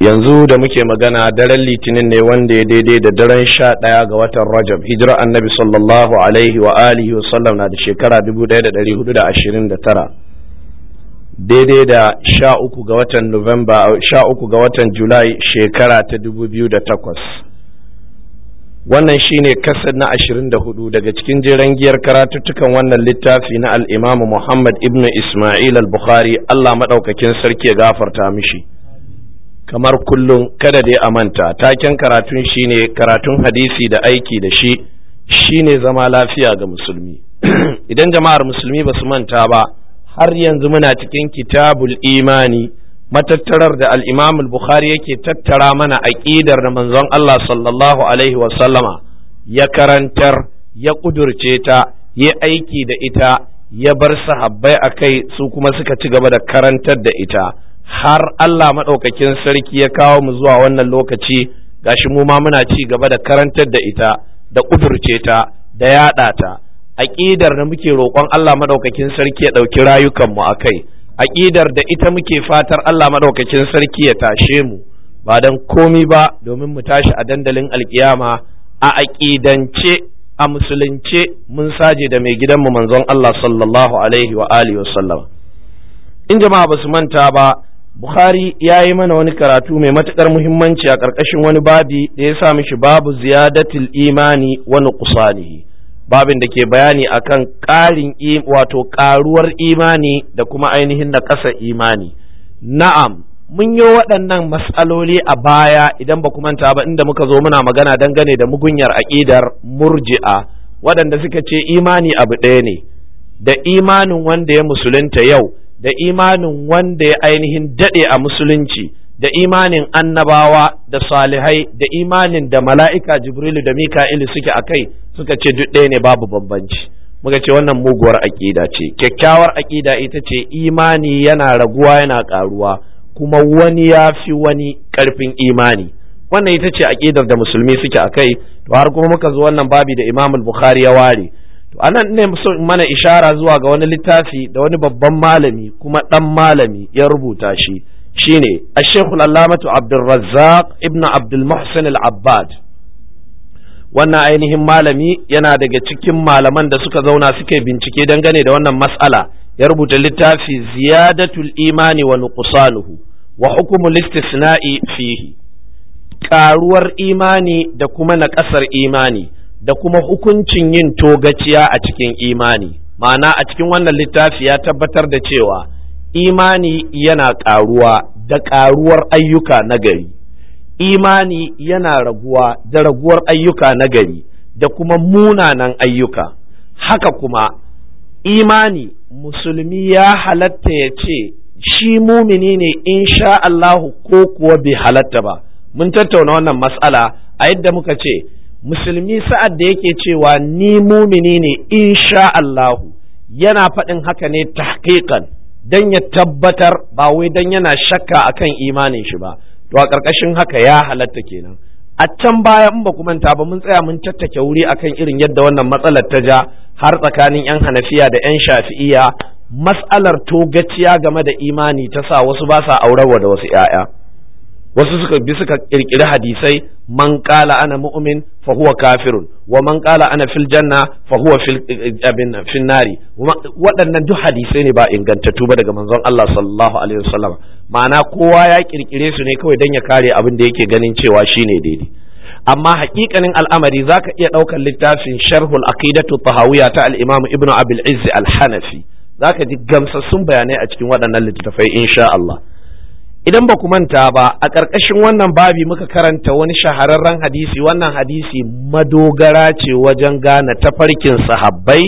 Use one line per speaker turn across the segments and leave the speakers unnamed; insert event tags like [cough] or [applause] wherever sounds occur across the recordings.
yanzu da muke magana daren litinin ne wanda ya daidai da daren sha ɗaya ga watan rajab hijira annabi sallallahu alaihi wa alihi wa sallam na da shekara 1429 daidai da sha uku ga watan nuwamba sha uku ga watan julai shekara ta 2008 wannan shine kasar na 24 daga cikin jeren giyar karatuttukan wannan littafi na al'imamu muhammad ibn ismail al-bukhari allah maɗaukakin sarki ya gafarta mishi kamar kullum kada dai a manta taken karatun shine karatun hadisi da aiki da shi shine zama lafiya ga musulmi [clears throat] idan jama'ar musulmi ba su manta ba har yanzu muna cikin kitabul imani matattarar da al-imam al-bukhari yake tattara mana aqidar da manzon Allah sallallahu alaihi wa sallama ya karantar ya kudurce ta ya aiki da ita ya bar sahabbai akai su kuma suka ci gaba da karantar da ita har Allah maɗaukakin sarki ya kawo mu zuwa wannan lokaci gashi mu ma muna ci gaba da karantar da ita da ƙudurce ta da yaɗa ta aƙidar da muke roƙon Allah maɗaukakin sarki ya ɗauki rayukanmu a kai aƙidar da ita muke fatar Allah maɗaukakin sarki ya tashe mu ba don komi ba domin mu tashi a dandalin alƙiyama, a aƙidance a musulunce mun saje da mai gidanmu manzon Allah sallallahu alaihi wa alihi wa sallam in jama'a ba su manta ba Bukhari ya yi mana wani karatu mai matuƙar muhimmanci a ƙarƙashin wani babi da ya sa mishi babu ziyadatul imani wani kusanihi babin da ke bayani akan ƙarin wato ƙaruwar imani da kuma ainihin na ƙasa imani na'am mun yi waɗannan matsaloli a baya idan ba manta ba inda muka zo muna magana dangane da mugunyar aƙidar murji'a waɗanda suka ce imani abu ɗaya ne da imanin wanda ya musulunta yau da imanin wanda ya ainihin daɗe a musulunci da imanin annabawa da salihai da imanin da mala'ika jibrilu da mika'ilu suke a kai suka ce duk ɗaya ne babu bambanci muka ce wannan muguwar aƙida ce kyakkyawar aƙida ita ce imani yana raguwa yana ƙaruwa kuma wani ya fi wani ƙarfin imani wannan ita ce aƙidar da musulmi suke a kai to har kuma muka zo wannan babi da imamul bukhari ya ware anan ne so mana ishara zuwa ga wani littafi da wani babban malami kuma dan malami ya rubuta shi shine ash-shaykh al-allamatu Abdulrazzaq ibn Abdul Muhsin al-Abbad wannan ainihin malami yana daga cikin malaman da suka zauna suke bincike dangane da wannan mas'ala ya rubuta littafi ziyadatul imani wa nuqsanuhu wa hukumul istisna'i fihi karuwar imani da kuma naƙasar imani da kuma hukuncin yin togaciya a cikin imani ma'ana a cikin wannan littafi ya tabbatar da cewa imani yana ƙaruwa da ƙaruwar ayyuka na gari imani yana raguwa da raguwar ayyuka na gari da kuma munanan ayyuka haka kuma imani musulmi ya halatta ya ce shi mumini ne in sha Allahu ko kuwa bai halatta ba mun tattauna wannan matsala a yadda muka ce musulmi sa'ad da yake cewa ni mumini ne insha Allahu yana faɗin haka ne tahqiqan don ya tabbatar ba wai don yana shakka akan imanin shi ba to a ƙarƙashin haka ya halatta kenan a can baya in ba ku manta ba mun tsaya mun tattake wuri akan irin yadda wannan matsalar ta ja har tsakanin yan hanafiya da yan shafi'iya mas'alar togaciya game da imani ta sa wasu ba sa aurarwa da wasu 'ya'ya wasu suka bi suka kirkiri hadisai man qala ana mu'min fa huwa kafirun wa man qala ana fil janna fa huwa fil abin fil nari waɗannan duk hadisai ne ba ingantattu ba daga manzon Allah sallallahu alaihi wasallam ma'ana kowa ya kirkire su ne kawai dan ya kare abin da yake ganin cewa shine daidai amma hakikanin al'amari zaka iya ɗaukar littafin sharhul aqidatu tahawiyya ta al-imam ibnu abul izz al-hanafi zaka ji gamsassun bayanai a cikin waɗannan littafai insha Allah idan ba ku manta ba a ƙarƙashin wannan babi muka karanta wani shahararren hadisi wannan hadisi madogara ce wajen gane tafarkin sahabbai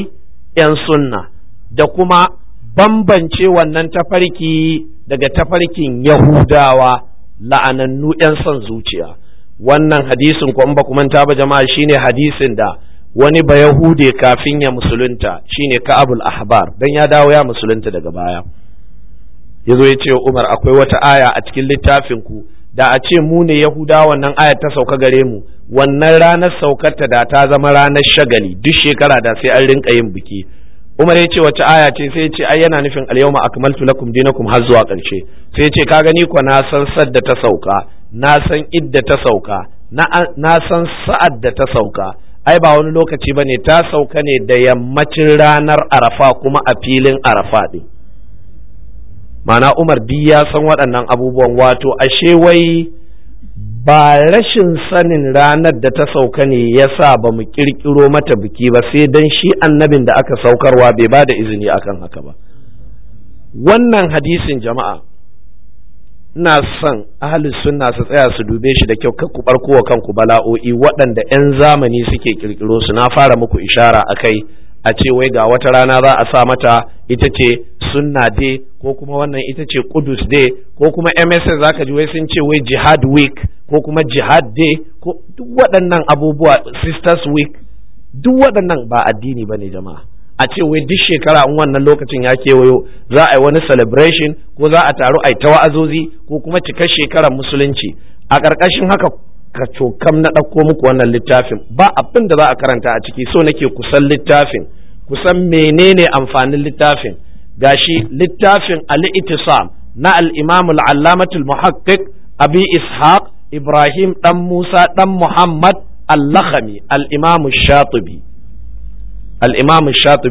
'yan sunna da kuma bambance wannan tafarki daga tafarkin yahudawa la'anannu 'yan son zuciya wannan hadisin ko in ba ku manta ba jama'a shine hadisin da wani ba yahude kafin ya musulunta shine abul ahbar dan ya dawo ya musulunta daga baya ya zo ya ce wa Umar akwai wata aya a cikin littafin ku da a ce mu ne Yahudawa wannan aya ta sauka gare mu wannan ranar saukar ta da ta zama ranar shagali duk shekara da sai an rinka yin biki Umar ya ce wace aya ce sai ya ce ai yana nufin al-yawma akmaltu lakum dinakum har zuwa ƙarshe sai ya ce ka gani ko na san sadda ta sauka na san idda ta sauka na san sa'ad da ta sauka ai ba wani lokaci bane ta sauka ne da yammacin ranar arafa kuma a filin arafa din mana umar duk ya san waɗannan abubuwan wato ashe wai ba rashin sanin ranar da ta sauka ne ya sa ba mu ƙirƙiro mata biki ba sai dan shi annabin da aka saukarwa bai ba da izini akan haka ba wannan hadisin jama'a ina son ahli sunna su tsaya su dube shi da kyau kar ku barko wa kanku bala'o'i waɗanda 'yan zamani suke ƙirƙiro su na fara muku ishara a kai, a ce wai ga wata rana za a sa mata ita ce sunna dai ko kuma wannan ita ce Kudus Day ko kuma MSN zaka ji wai sun ce wai Jihad Week ko kuma Jihad Day ko duk waɗannan abubuwa Sisters Week duk waɗannan ba addini ba ne jama'a a ce wai duk shekara in wannan lokacin ya kewayo za a yi wani celebration ko za a taru a yi ta wa'azozi ko kuma cika shekarar musulunci a ƙarƙashin haka ka cokam na ɗauko muku wannan littafin ba abin da za a karanta a ciki so nake kusan littafin kusan menene amfanin littafin gashi littafin Ali ittisam na al'imamul imam al-allamatul muhaqqiq abi ishaq ibrahim dan musa dan muhammad al-lakhami al-imam shatibi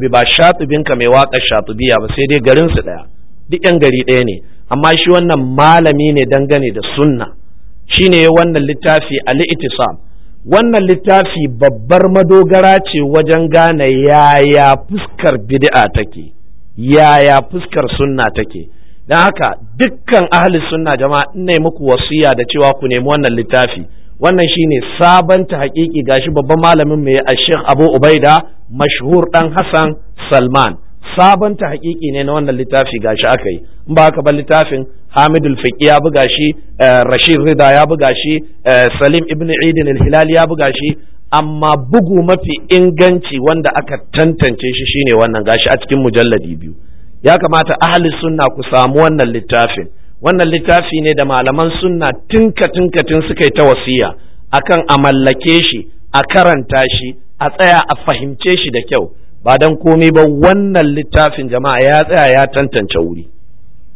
ba shatibin ka mai waƙar shatubiya ba sai dai garinsu ɗaya. duk yan gari ɗaya ne amma shi wannan malami ne dangane da sunna shine wannan littafi al itisam wannan littafi babbar madogara ce wajen gane yaya fuskar bid'a take yaya fuskar sunna take don haka dukkan ahli sunna jama'a ina muku wasiya da cewa ku nemi wannan littafi wannan shine sabon ta hakiki gashi babban malamin mu a Sheikh Abu Ubaida mashhur dan Hassan Salman sabon ta hakiki ne na wannan littafi gashi aka yi in ba haka ba littafin Hamidul Fiqi ya buga shi eh, Rashid Rida ya buga shi eh, Salim Ibn Idin al-Hilali ya buga shi amma bugu mafi inganci wanda aka tantance shi shine wannan gashi a cikin mujalladi biyu ya kamata ahli sunna ku samu wannan littafin wannan littafi ne da malaman sunna tinka tinka tin suka yi ta wasiya akan a mallake shi a karanta shi a tsaya a fahimce shi da kyau ba dan komai ba wannan littafin jama'a ya tsaya ya tantance wuri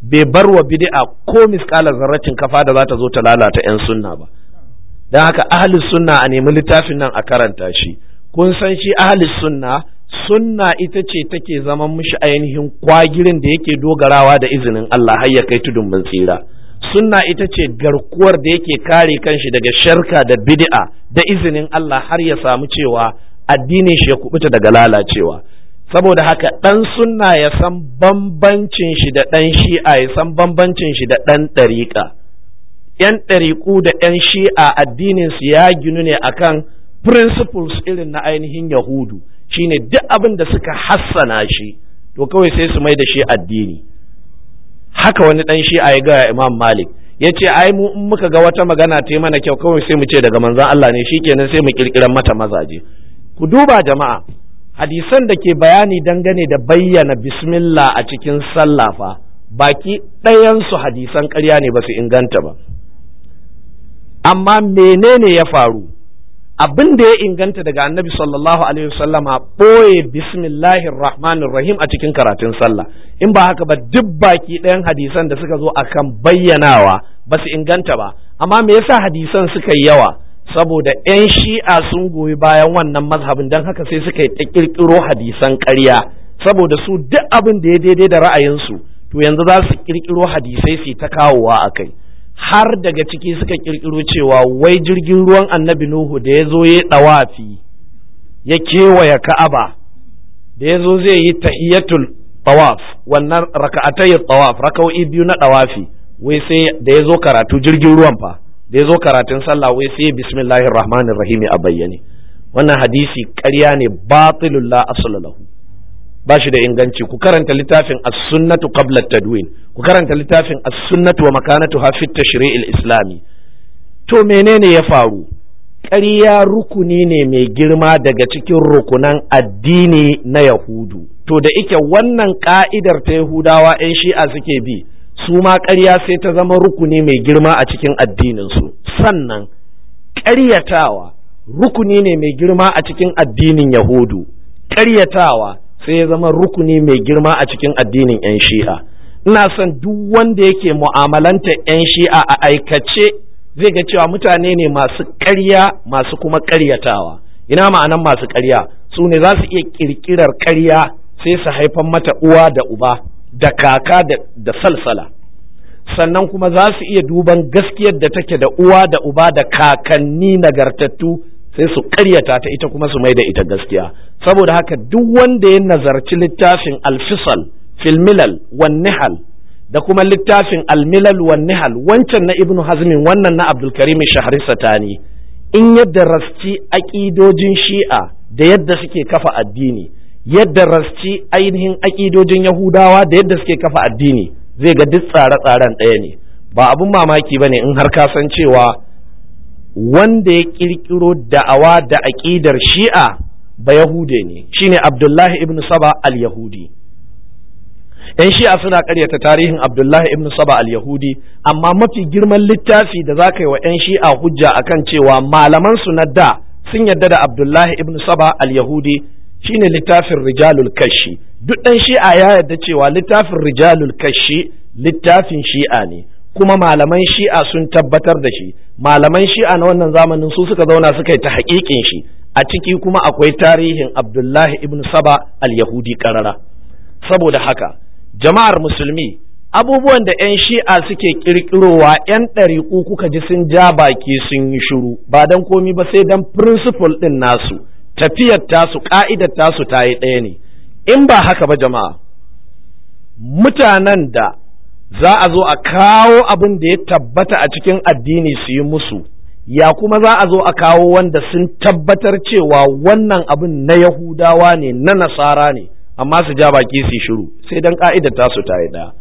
bai bar wa bid'a ko miskalar zarratin kafa da za ta zo ta lalata 'yan sunna ba don haka ahalis sunna a nemi littafin nan a karanta shi kun san shi ahalis sunna sunna ita ce take zaman mushi ainihin kwagirin da yake dogarawa da izinin Allah har ya kai tudun mun tsira sunna ita ce garkuwar da yake kare kanshi daga sharka da bid'a da izinin Allah har ya samu cewa addinin shi ya kubuta daga lalacewa saboda haka dan sunna ya san bambancin shi da ɗan shi'a ya san bambancin shi da dan dariƙa. 'yan ɗariƙu da 'yan shi'a addininsu ya ginu ne akan principles irin na ainihin yahudu shine duk abin da suka hassana shi to kawai sai su mai da shi addini haka wani ɗan shi'a ya ga imam malik ya ce ai mu in muka ga wata magana ta mana kyau kawai sai mu ce daga manzan Allah ne shikenan sai mu kirkiran mata mazaje ku duba jama'a hadisan da ke bayani dangane da bayyana bismillah a cikin sallah fa baki ɗayansu hadisan ƙarya ne ba su inganta ba amma menene ya faru abin da ya inganta daga annabi sallallahu alaihi a ɓoye bismillahir rahmanir rahim a cikin karatun sallah in ba haka ba duk baki ɗayan hadisan da suka zo akan bayyanawa ba su inganta ba amma me yasa hadisan suka yi yawa saboda 'yan shi'a sun goyi bayan wannan mazhabin dan haka sai suka yi ta ƙirƙiro hadisan ƙarya saboda su duk abin da ya daidai da ra'ayinsu to yanzu za su ƙirƙiro hadisai su ta kawowa a kai har daga ciki suka kirkiro cewa wai jirgin ruwan annabi nuhu da ya zo ya ɗawafi ya kewaya ka'aba da ya zo zai yi tahiyatul tawaf wannan raka'atai tawaf raka'o'i biyu na ɗawafi wai sai da ya zo karatu jirgin ruwan fa da ya zo karatun sallah wai sai bismillahir rahmanir rahim a bayyane wannan hadisi ƙarya ne batilul la ba shi da inganci ku karanta littafin as-sunnatu qabla tadwin ku karanta littafin as-sunnatu wa ha fi tashri'il islami to menene ya faru ƙarya rukuni ne mai girma daga cikin rukunan addini na yahudu to da ike wannan ka'idar ta yahudawa 'yan shi'a suke bi su ma ƙarya sai ta zama rukuni mai girma a cikin addininsu sannan ƙaryatawa rukuni ne mai girma a cikin addinin yahudu ƙaryatawa sai ya zama rukuni mai girma a cikin addinin 'yan shi'a ina son duk wanda yake mu'amalanta 'yan shi'a a aikace zai ga cewa mutane ne masu ƙarya masu kuma ƙaryatawa ina ma'anan masu ƙarya su ne za su iya ƙirƙirar ƙarya sai su haifan mata uwa da uba da kaka da salsala sannan kuma za su iya duban gaskiyar da take da uwa da uba da kakanni nagartattu sai su karyata ta ita kuma su mai da ita gaskiya saboda haka duk wanda ya nazarci littafin alfisal filmilal wan da kuma littafin almilal wan wancan na ibnu hazmin wannan na abdulkarim shahri satani in yadda rasci aƙidojin shi'a da yadda suke kafa addini yadda rasci ainihin aƙidojin yahudawa da yadda suke kafa addini zai ga duk tsare-tsaren ɗaya ne ba abin mamaki ba ne in har ka san cewa wanda ya kirkiro da'awa da aƙidar shi'a ba yahude ne shine abdullahi ibn saba al-yahudi yan shi'a suna karyata tarihin abdullahi ibn saba al-yahudi amma mafi girman littafi da za ka yi wa yan shi'a hujja akan cewa malaman su na da sun yarda da abdullahi ibn saba al-yahudi shine littafin rijalul kashi duk ɗan shi'a ya yarda cewa littafin rijalul kashi littafin shi'a ne kuma malaman shi'a sun tabbatar da shi malaman shi'a na wannan zamanin su suka zauna suka yi ta haƙiƙin shi a ciki kuma akwai tarihin abdullahi ibn saba al-yahudi ƙarara. saboda haka jama'ar musulmi abubuwan da 'yan shi'a suke ƙirƙirowa 'yan ɗariƙu kuka ji sun ja baki sun yi shiru ba don komi ba sai don principle ɗin nasu tafiyar tasu ƙa'idar tasu ta yi ɗaya ne in ba haka ba jama'a mutanen da za a zo a kawo abin da ya tabbata a cikin addini su yi musu ya kuma za a zo a kawo wanda sun tabbatar cewa wannan abin na yahudawa ne na nasara ne amma su ja baki su shiru sai dan ka'ida ta su ta yi ɗaya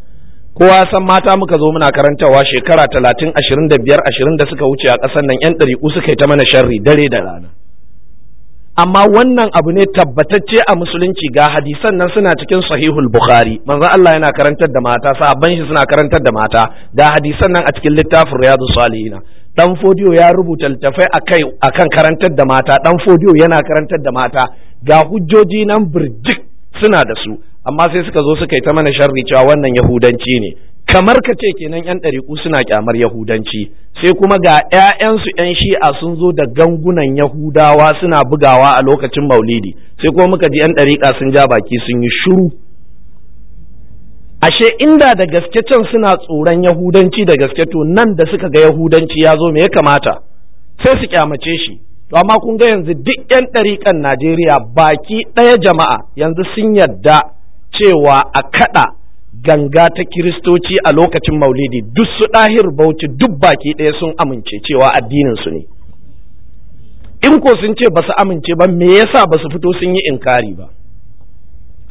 kowa san mata muka zo muna karantawa shekara talatin ashirin da biyar ashirin da suka wuce a ƙasar nan yan ɗari'u suka yi ta mana sharri dare da rana amma wannan abu ne tabbatacce a musulunci ga hadisan nan suna cikin sahihul bukhari manzo Allah yana karantar da mata sahabban shi suna karantar da mata ga hadisan nan a cikin littafin riyadus salihina dan fodiyo ya rubuta littafai akai akan karantar da mata dan fodiyo yana karantar da mata ga hujjoji nan birjik suna da su amma sai suka zo suka yi ta mana sharri cewa wannan yahudanci ne kamar ka ce kenan yan ɗariƙu suna kyamar yahudanci sai kuma ga 'ya'yansu 'yan shi'a sun zo da gangunan yahudawa suna bugawa a lokacin maulidi sai kuma muka ji 'yan ɗariƙa sun ja baki sun yi shuru ashe inda da gaske can suna tsoron yahudanci da gaske to nan da suka ga yahudanci ya zo me ya kamata sai su kyamace shi to amma kun ga yanzu duk 'yan ɗariƙan najeriya baki ɗaya jama'a yanzu sun yarda cewa a kaɗa ganga ta kiristoci a lokacin maulidi duk su ɗahir bauchi duk baki ɗaya sun amince cewa addinin su ne in ko sun ce ba su amince ba me yasa ba su fito sun yi inkari ba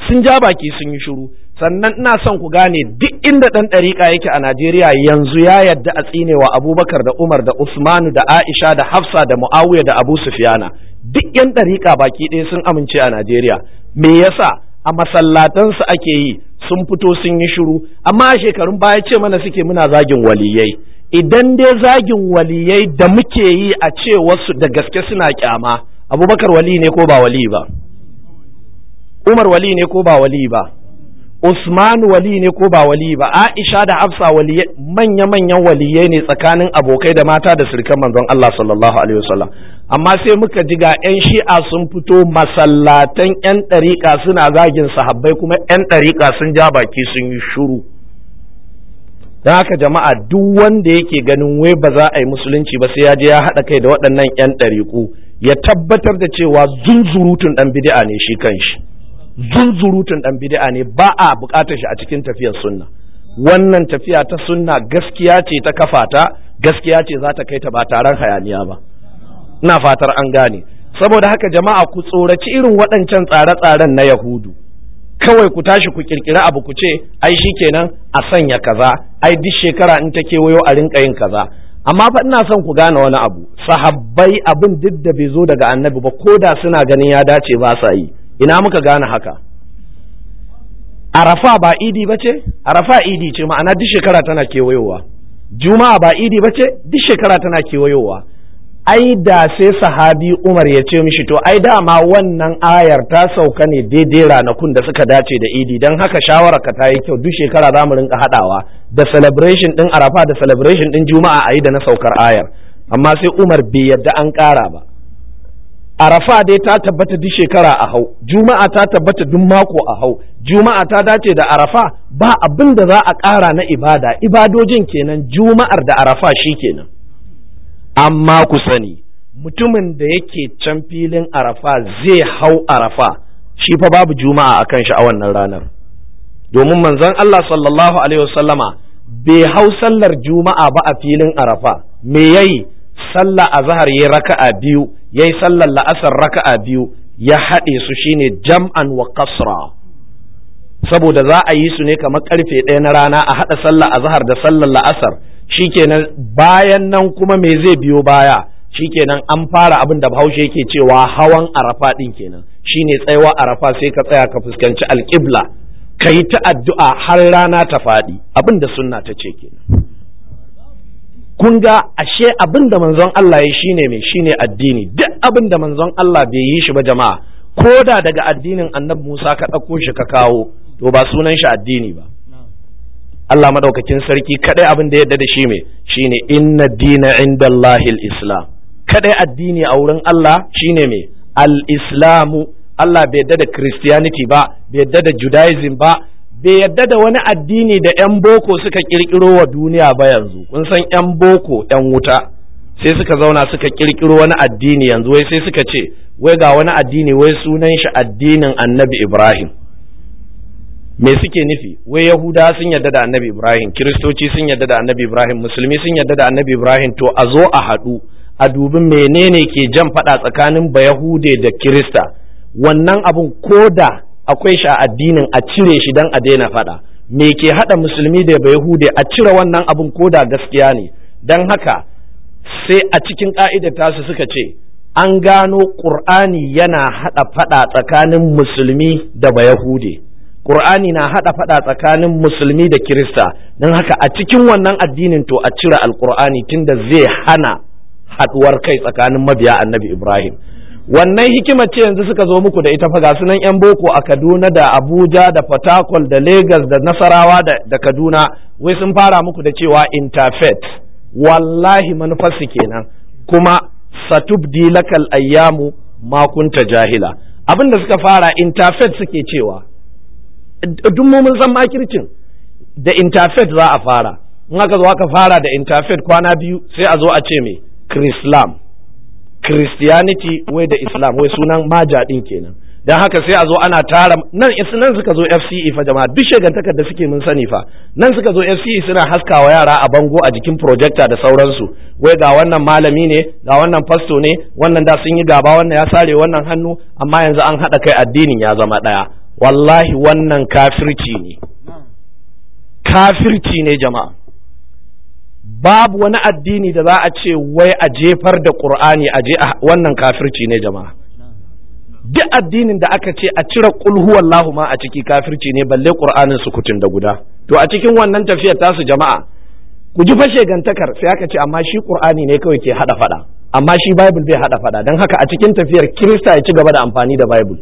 sun ja baki sun yi shiru sannan ina son ku gane duk inda ɗan ɗariƙa yake a Najeriya yanzu ya yadda a tsinewa Abubakar da Umar da Usmanu da Aisha da Hafsa da Muawiya da Abu Sufiyana, duk yan ɗariƙa baki ɗaya sun amince a Najeriya me yasa a masallatansu ake yi sun fito sun yi shiru amma a shekarun baya ce mana suke muna zagin waliyai idan dai zagin waliyai da muke yi a ce wasu da gaske suna kyama abubakar wali ne ko ba wali ba umar wali ne ko ba wali ba usman wali ne ko ba wali ba aisha da hafsa wali manya manyan waliyai ne tsakanin abokai da mata da sirkan manzon Allah sallallahu alaihi wasallam amma sai muka ji ga 'yan shi'a sun fito masallatan 'yan ɗariƙa suna zagin sahabbai kuma 'yan ɗariƙa sun ja baki sun yi shuru don haka jama'a duk wanda yake ganin wai ba za a yi musulunci ba sai ya je ya haɗa kai da waɗannan 'yan ɗariƙu ya tabbatar da cewa zunzurutun ɗan bidi'a ne shi kanshi zunzurutun ɗan bidi'a ne ba a buƙatar shi a cikin tafiyar sunna wannan tafiya ta sunna gaskiya ce ta kafa ta gaskiya ce za ta kai ta ba taron hayaniya ba ina fatar an gane saboda haka jama'a ku tsoraci irin waɗancan tsare-tsaren na yahudu kawai ku tashi ku kirkira abu ku ce ai shikenan a sanya kaza ai duk shekara in ta kewayo a rinka yin kaza amma fa ina son ku gane wani abu sahabbai abin duk da bai zo daga annabi ba ko da suna ganin ya dace ba sa yi ina muka gane haka arafa ba idi ba ce arafa idi ce ma'ana duk shekara tana kewayowa juma'a ba idi ba ce duk shekara tana kewayowa ai da sai sahabi umar ya ce mishi to ai dama wannan ayar ta sauka ne daidai ranakun da suka dace da idi don haka shawarar ka ta yi kyau duk shekara za mu rinka haɗawa da celebration din arafa da celebration ɗin juma'a a yi da na saukar ayar amma sai umar bai yadda an ƙara ba arafa dai ta tabbata duk shekara a hau juma'a ta tabbata duk mako a hau juma'a ta dace da arafa ba abin da za a ƙara na ibada ibadojin kenan juma'ar da arafa shi kenan amma ku sani mutumin da yake can filin arafa zai hau arafa shi fa babu juma'a a kan shi a wannan ranar domin manzon Allah sallallahu alaihi wasallama bai hau sallar juma'a ba a filin arafa me yayi sallah azhar yayi raka'a biyu yayi sallar la'asar raka'a biyu ya haɗe su shine jam'an wa qasra saboda za a yi su ne kamar karfe ɗaya na rana a haɗa sallar azhar da sallar la'asar shikenan bayan nan kuma me zai biyo baya shikenan an fara abin da bahaushe yake cewa hawan arafa din kenan shine tsayawa arafa sai ka tsaya ka fuskanci alƙibla ka yi ta addu'a har rana ta faɗi abin da sunna ta ce kenan kun ga ashe abin da manzon Allah ya shine mai shine addini duk abin da manzon Allah bai yi shi ba jama'a ko da daga addinin annabi Musa ka ɗauko shi ka kawo to ba sunan shi addini ba Allah madaukakin sarki kadai abin da yadda da shi me shine inna dina indallahi islam kadai addini a wurin Allah shine me al-islamu Allah bai yadda da christianity ba bai yadda da judaism ba bai yadda da wani addini da 'yan boko suka kirkiro wa duniya ba yanzu kun san 'yan boko 'yan wuta sai suka zauna suka kirkiro wani addini yanzu wai sai suka ce wai ga wani addini wai sunan shi addinin annabi ibrahim me suke nufi wai yahuda sun yarda da annabi ibrahim kiristoci sun yarda da annabi ibrahim musulmi sun yarda da annabi ibrahim to a zo a haɗu a dubi menene ke jan faɗa tsakanin bayahude da kirista wannan abun koda akwai shi a addinin a cire shi dan a daina faɗa me ke haɗa musulmi da bayahude a cire wannan abun koda gaskiya ne dan haka sai a cikin ka'idar tasu suka ce an gano ƙur'ani yana haɗa faɗa tsakanin musulmi da bayahude Qur'ani na haɗa faɗa tsakanin musulmi da Kirista don haka a cikin wannan addinin to a cire alƙur'ani tunda zai hana haɗuwar kai tsakanin mabiya annabi Ibrahim wannan hikimar ce yanzu suka zo muku da ita fa ga sunan yan boko a Kaduna da Abuja da Fatakwal da Lagos da Nasarawa da Kaduna wai sun fara muku da cewa interfaith wallahi manufarsu kenan kuma satubdi lakal ayyamu makunta jahila abinda suka fara interfaith suke cewa duk mu mun san makircin da interfaith za a fara in aka zo aka fara da interfaith kwana biyu sai a zo a ce me Chrislam Christianity wai da Islam wai sunan maja din kenan dan haka sai a zo ana tara nan nan suka zo FCE fa jama'a duk shegantakar da suke mun sani fa nan suka zo FCE suna haskawa yara a bango a jikin projector da sauransu wai ga wannan malami ne ga wannan fasto ne wannan da sun yi gaba wannan ya sare wannan hannu amma yanzu an haɗa kai addinin ya zama ɗaya wallahi wannan kafirci ne kafirci ne jama'a babu wani addini da za a ce wai a jefar da ƙur'ani a je wannan kafirci ne jama'a duk addinin da aka ce a cire ƙulhuwallahu ma a ciki kafirci ne balle ƙur'anin kutun da guda to a cikin wannan tafiyar tasu jama'a ku ji fashe gantakar sai aka ce amma shi ƙur'ani ne kawai ke haɗa fada, amma shi bible bai haɗa fada. don haka a cikin tafiyar kirista ya ci gaba da amfani da bible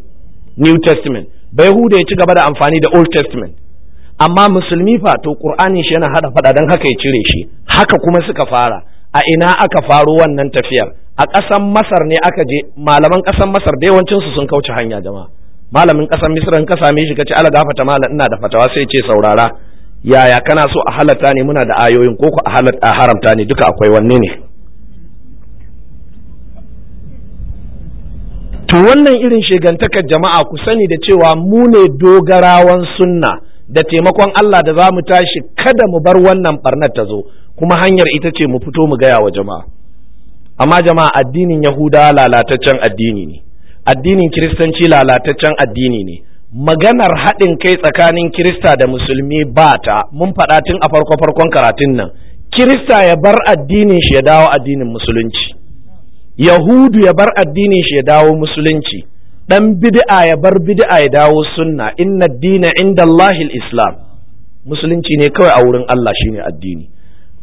new testament bai huda ya ci gaba da amfani da old testament amma musulmi fa to qur'ani shi yana hada fada dan haka ya cire shi haka kuma suka fara a ina aka faro wannan tafiyar a ƙasan masar ne aka je malaman ƙasan masar da yawancin su sun kauce hanya jama'a malamin ƙasan misra in ka same shi kace ala gafata malam ina da fatawa sai ce saurara yaya kana so a halatta ne muna da ayoyin ko ku a haramta ne duka akwai wanne ne to wannan irin shegantakar jama'a ku sani da cewa mu ne dogarawan sunna da taimakon Allah da za mu tashi kada mu bar wannan barnar ta zo kuma hanyar ita ce mu fito mu gaya wa jama'a amma jama'a addinin yahuda lalataccen addini ne addinin kiristanci lalataccen addini ne maganar haɗin kai tsakanin kirista da musulmi ba ta mun faɗa tun a farko farkon karatun nan kirista ya bar addinin shi ya dawo addinin musulunci yahudu ya bar addinin shi ya dawo musulunci dan bid'a ya bar bid'a ya dawo sunna inna dina inda Allahil islam musulunci ne kawai a wurin Allah shine addini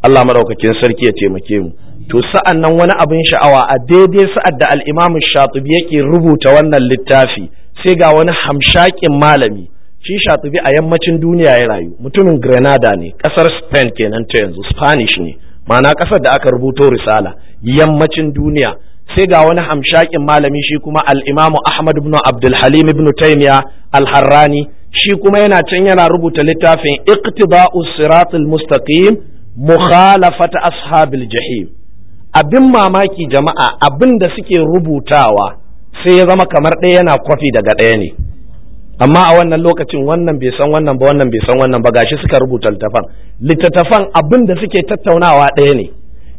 Allah madaukakin sarki ya taimake mu to sa'an nan wani abin sha'awa a daidai sa'ad da al-Imam Shatibi yake rubuta wannan littafi sai ga wani hamshakin malami shi shatubi a yammacin duniya ya rayu mutumin grenada ne kasar spain kenan ta yanzu spanish ne ma'ana ƙasar da aka rubuto risala yammacin duniya sai ga wani hamshakin malami shi kuma al'imamu ahmad ibn abdul halim ibn taimiya al-harrani shi kuma yana can yana rubuta littafin iqtiba'u siratul mustaqim mukhalafata ashabil jahim abin mamaki jama'a abin da suke rubutawa sai ya zama kamar ɗaya yana kwafi daga ɗaya ne amma a wannan lokacin wannan bai san wannan ba wannan bai san wannan ba gashi suka rubuta littafan littattafan abin da suke tattaunawa ɗaya ne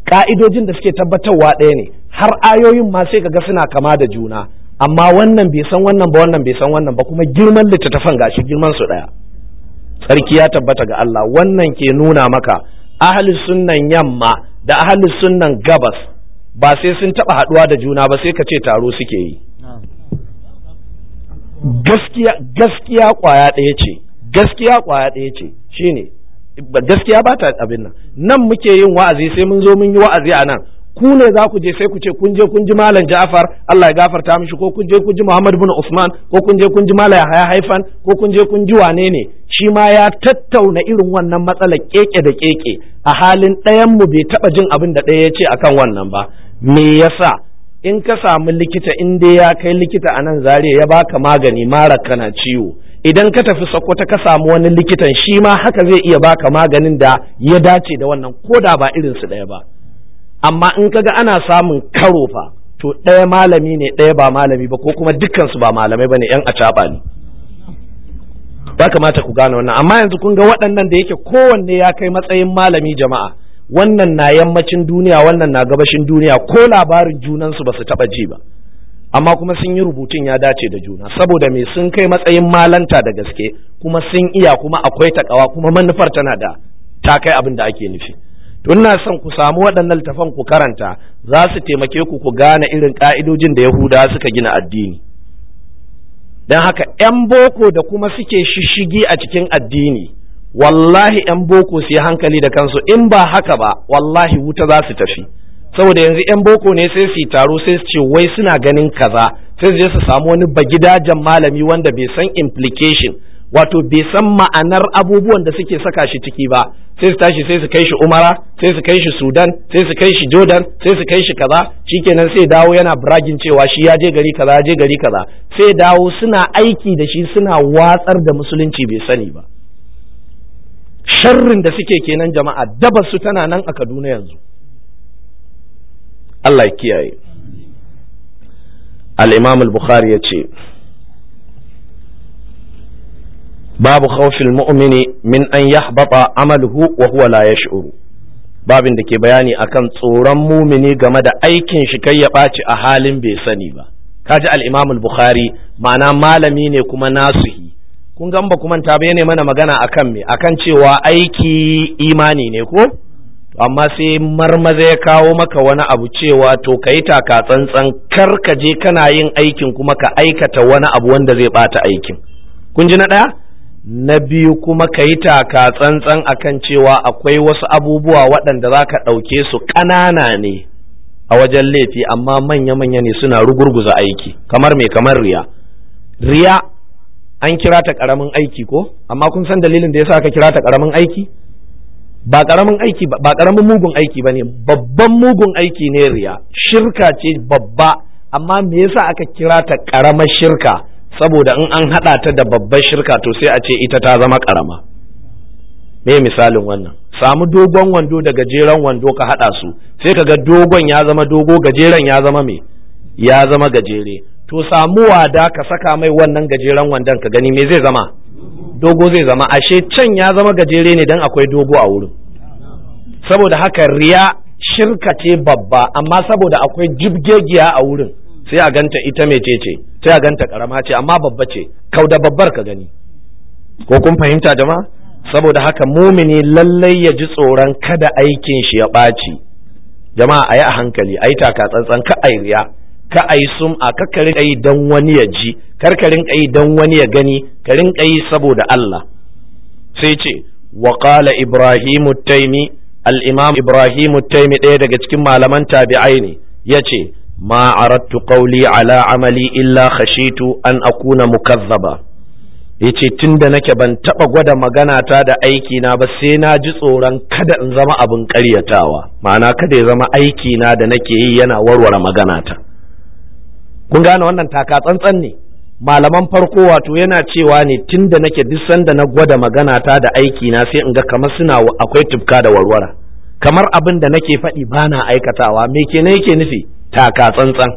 ka'idojin da suke tabbatarwa ɗaya ne har ayoyin ma sai ga suna kama da juna amma wannan bai san wannan ba wannan bai san wannan ba kuma girman littattafan gashi girman su ɗaya sarki ya tabbata ga Allah wannan ke nuna maka ahli sunnan yamma da ahli sunnan gabas ba sai sun taba haduwa da juna ba sai ka ce taro suke yi gaskiya gaskiya kwaya ɗaya ce gaskiya kwaya ɗaya ce shine gaskiya ba ta abin nan nan muke yin wa'azi sai mun zo mun yi wa'azi a nan ku ne za ku je sai ku ce kun je kun ji malam Ja'far Allah ya gafarta mishi ko kun je kun ji Muhammad bin Usman ko kun je kun ji malam Yahya Haifan ko kun je kun ji wane ne shi ma ya tattauna irin wannan matsalar keke da keke a halin ɗayan mu bai taba jin abin da ɗaya ya ce akan wannan ba me yasa in ka samu likita in dai ya kai likita a nan zariya ya baka magani mara kana ciwo idan ka tafi sokoto ka samu wani likitan shi ma haka zai iya baka maganin da ya dace da wannan ko da ba irin su ɗaya ba amma in kaga ana samun karo fa to ɗaya malami ne ɗaya ba malami ba ko kuma dukkansu ba malamai ba ne yan a ne ba kamata ku gane wannan amma yanzu kun ga waɗannan da yake kowanne ya kai matsayin malami jama'a wannan na yammacin duniya wannan na gabashin duniya ko labarin junansu ba su taɓa ji ba amma kuma sun yi rubutun ya dace da juna saboda me sun kai matsayin malanta da gaske kuma sun iya kuma akwai takawa kuma manufar tana da ta kai abin da ake nufi to ina son ku samu waɗannan littafan ku karanta za su taimake ku ku gane irin ƙa'idojin da yahudawa suka gina addini don haka 'yan boko da kuma suke shishigi a cikin addini wallahi yan boko su yi hankali da kansu in ba haka ba wallahi wuta za su tafi saboda yanzu yan boko ne sai su yi taro sai su ce wai suna ganin kaza sai su je su samu wani bagidajen malami wanda bai san implication wato bai san ma'anar abubuwan da suke saka shi ciki ba sai su tashi sai su kai shi umara sai su kai shi sudan sai su kai shi jordan sai su kai shi kaza shikenan sai dawo yana bragin cewa shi ya je gari kaza ya je gari kaza sai dawo suna aiki da shi suna watsar da musulunci bai sani ba sharrin da suke kenan jama'a dabar su tana nan a Kaduna yanzu Allah ya kiyaye al-Imam al-Bukhari yace babu khawfil mu'mini min an yahbata amaluhu wa huwa la yash'uru babin da ke bayani akan tsoron mumini game da aikin shi kai ya ɓaci a halin bai sani ba kaji al-Imam al-Bukhari ma'ana malami ne kuma nasihi kun gamba ba ta manta ba mana magana akan me akan cewa aiki imani ne ko amma sai marmaza ya kawo maka wani abu cewa to ka yi taka tsantsan kar ka je kana yin aikin kuma ka aikata wani abu wanda zai bata aikin kun ji na ɗaya na biyu kuma ka yi taka tsantsan akan cewa akwai wasu abubuwa waɗanda za ka ɗauke su ƙanana ne a wajen laifi amma manya-manya ne suna rugurguza aiki kamar me kamar riya riya an kira ta karamin aiki ko amma kun san dalilin da yasa aka kira ta ƙaramin aiki ba karamin aiki ba karamin mugun aiki bane babban mugun aiki ne riya shirka ce babba amma me yasa aka kira ta ƙaramar shirka saboda in an haɗa ta da babbar shirka to sai a ce ita ta zama karama me misalin wannan samu dogon wando da gajeren wando ka haɗa su sai ka ga dogon ya zama dogo gajeren ya zama me ya zama gajere to samu wada ka saka mai wannan gajeren wandon ka gani me zai zama dogo zai zama ashe can ya zama gajere ne dan akwai dogo a wurin saboda haka riya shirka ce babba amma saboda akwai jibgegiya a wurin sai a ganta ita mai ce sai a ganta karama ce amma babba ce kau da babbar ka gani ko kun fahimta jama'a saboda haka mumini lallai ya ji tsoron kada aikin shi ya ɓaci jama'a a yi a hankali a yi taka tsantsan ka a riya ka a yi a ka ka yi don wani ya ji kar ka rinka yi don wani ya gani ka rinka yi saboda Allah sai ce wa qala ibrahimu taimi al-imam ibrahimu taimi ɗaya daga cikin malaman tabi'ai ne yace ma aradtu qawli ala amali illa khashitu an akuna mukazzaba yace tunda nake ban taɓa gwada magana ta da aiki na ba sai na ji tsoron kada in zama abin ƙaryatawa ma'ana kada ya zama aiki na da nake yi yana warware magana ta kun gane wannan taka tsantsan ne malaman farko wato yana cewa ne tun da nake duk sanda na gwada magana ta da aiki na sai in ga kamar suna akwai tufka da warwara kamar abin da nake faɗi bana aikatawa me ke na yake nufi taka tsantsan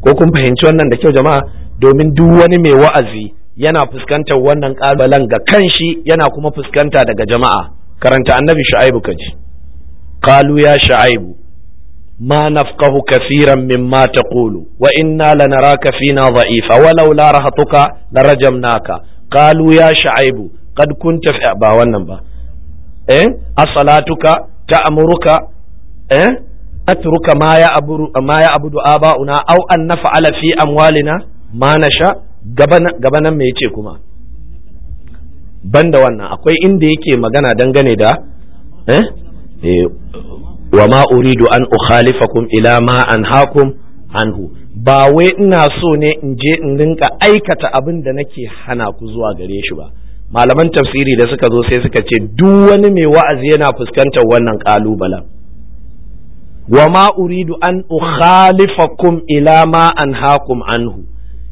ko kun fahimci wannan da kyau jama'a domin duk wani mai wa'azi yana fuskantar wannan ƙalubalen ga kanshi yana kuma fuskanta daga jama'a karanta annabi shu'aibu kaji qalu ya shu'aibu ما نفقه كثيرا مما تقول وإنا لنراك فينا ضعيفا ولو لا رهطك لرجمناك قالوا يا شعيب قد كنت في أبا والنبا إيه؟ أصلاتك تأمرك إيه؟ أترك ما يعبد ما يعبد آباؤنا أو أن نفعل في أموالنا ما نشاء قبنا غبنا ميتي بند وانا أقوي akwai inda مغانا دنغني دا da wa ma uridu an ukhalifakum ila ma anhaakum anhu ba wai ina so ne in je in rinka aikata abin da nake hana ku zuwa gare shi ba malaman tafsiri da suka zo sai suka ce duk wani mai wa'azi yana fuskantar wannan kalubalen wa ma uridu an ukhalifakum ila ma anhaakum anhu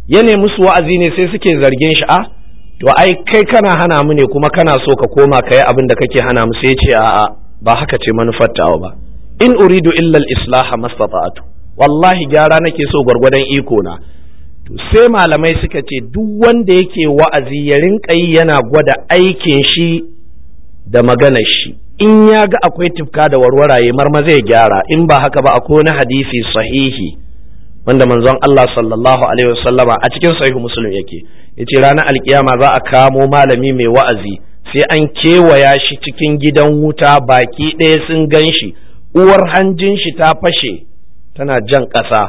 ya musu wa'azi ne sai suke zargin shi a to ai kai kana hana mu ne kuma kana so ka koma ka yi abin da kake hana mu sai ce a'a ba haka ce manufar ba in uridu illa al-islaha mastata'tu wallahi gyara nake so gwargwadon iko na to sai malamai suka ce duk wanda yake wa'azi ya rinka yi yana gwada aikin shi da maganar shi in ya ga akwai tifka da warwara marma zai gyara in ba haka ba akwai wani hadisi sahihi wanda manzon Allah sallallahu alaihi wasallama a cikin sahihu muslim yake yace ranar alkiyama za a kamo malami mai wa'azi sai an kewaya shi cikin gidan wuta baki ɗaya sun ganshi. uwar hanjin shi ta fashe tana jan ƙasa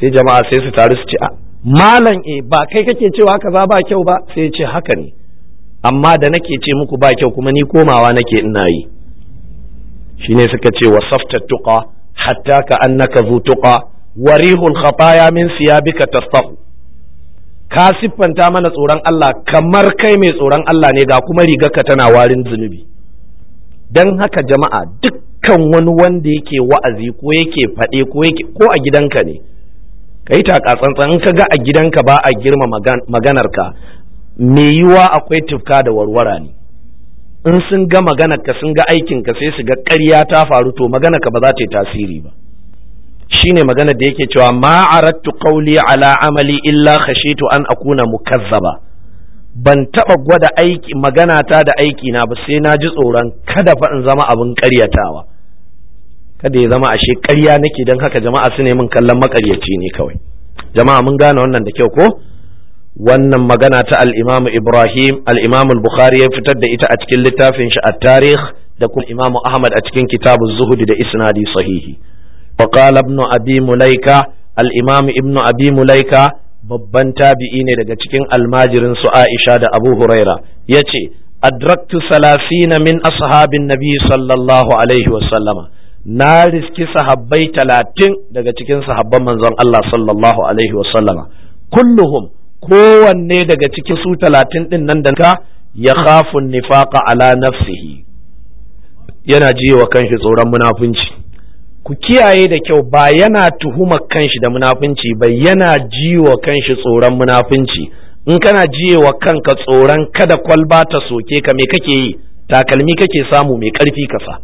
sai jama'a sai su taru su ce malam e ba kai kake cewa kaza ba kyau ba sai ce haka ne amma da nake ce muku ba kyau kuma ni komawa nake ina yi Shi ne suka ce safta tuka hatta ka annaka zu tuka warihul khataya min siyabika tastahu ka siffanta mana tsoron Allah kamar kai mai tsoron Allah ne ga kuma rigarka tana warin zunubi don haka jama'a duk dukkan wani wanda yake wa'azi ko yake faɗe ko yake ko a gidanka ne ka yi takatsantsan in ka ga a gidanka ba a girma maganarka me yiwa akwai tufka da warwara ne in sun ga maganarka sun ga aikinka sai su ga ƙarya ta faru to maganarka ba za ta yi tasiri ba shine maganar da yake cewa ma arattu qawli ala amali illa khashitu an akuna mukazzaba ban taba gwada aiki magana ta da aiki na ba sai na ji tsoron kada fa in zama abin ƙaryatawa kada ya zama ashe ƙarya nake don haka jama'a su ne min kallon makaryaci ne kawai jama'a mun gane wannan da kyau ko wannan magana ta al Ibrahim al bukhari ya fitar da ita a cikin littafin shi a tarih da kuma Imam Ahmad a cikin kitabu Zuhud da isnadi sahihi wa qala ibn Abi Mulaika al-Imam ibn Abi Mulaika babban tabi'i ne daga cikin almajirin su Aisha da Abu Huraira yace adraktu salasina min ashabin nabi sallallahu alaihi wa sallama na riski sahabbai talatin daga cikin sahabban manzon Allah sallallahu alaihi wasallama kulluhum kowanne daga cikin su talatin din nan da ka ya khafun nifaqa ala nafsihi yana ji kanshi tsoron munafunci ku kiyaye da kyau ba yana tuhuma kanshi da munafunci ba yana ji wa kanshi tsoron munafunci in kana jiwa kanka tsoron kada kwalba ta soke ka me kake yi takalmi kake samu mai karfi kasa?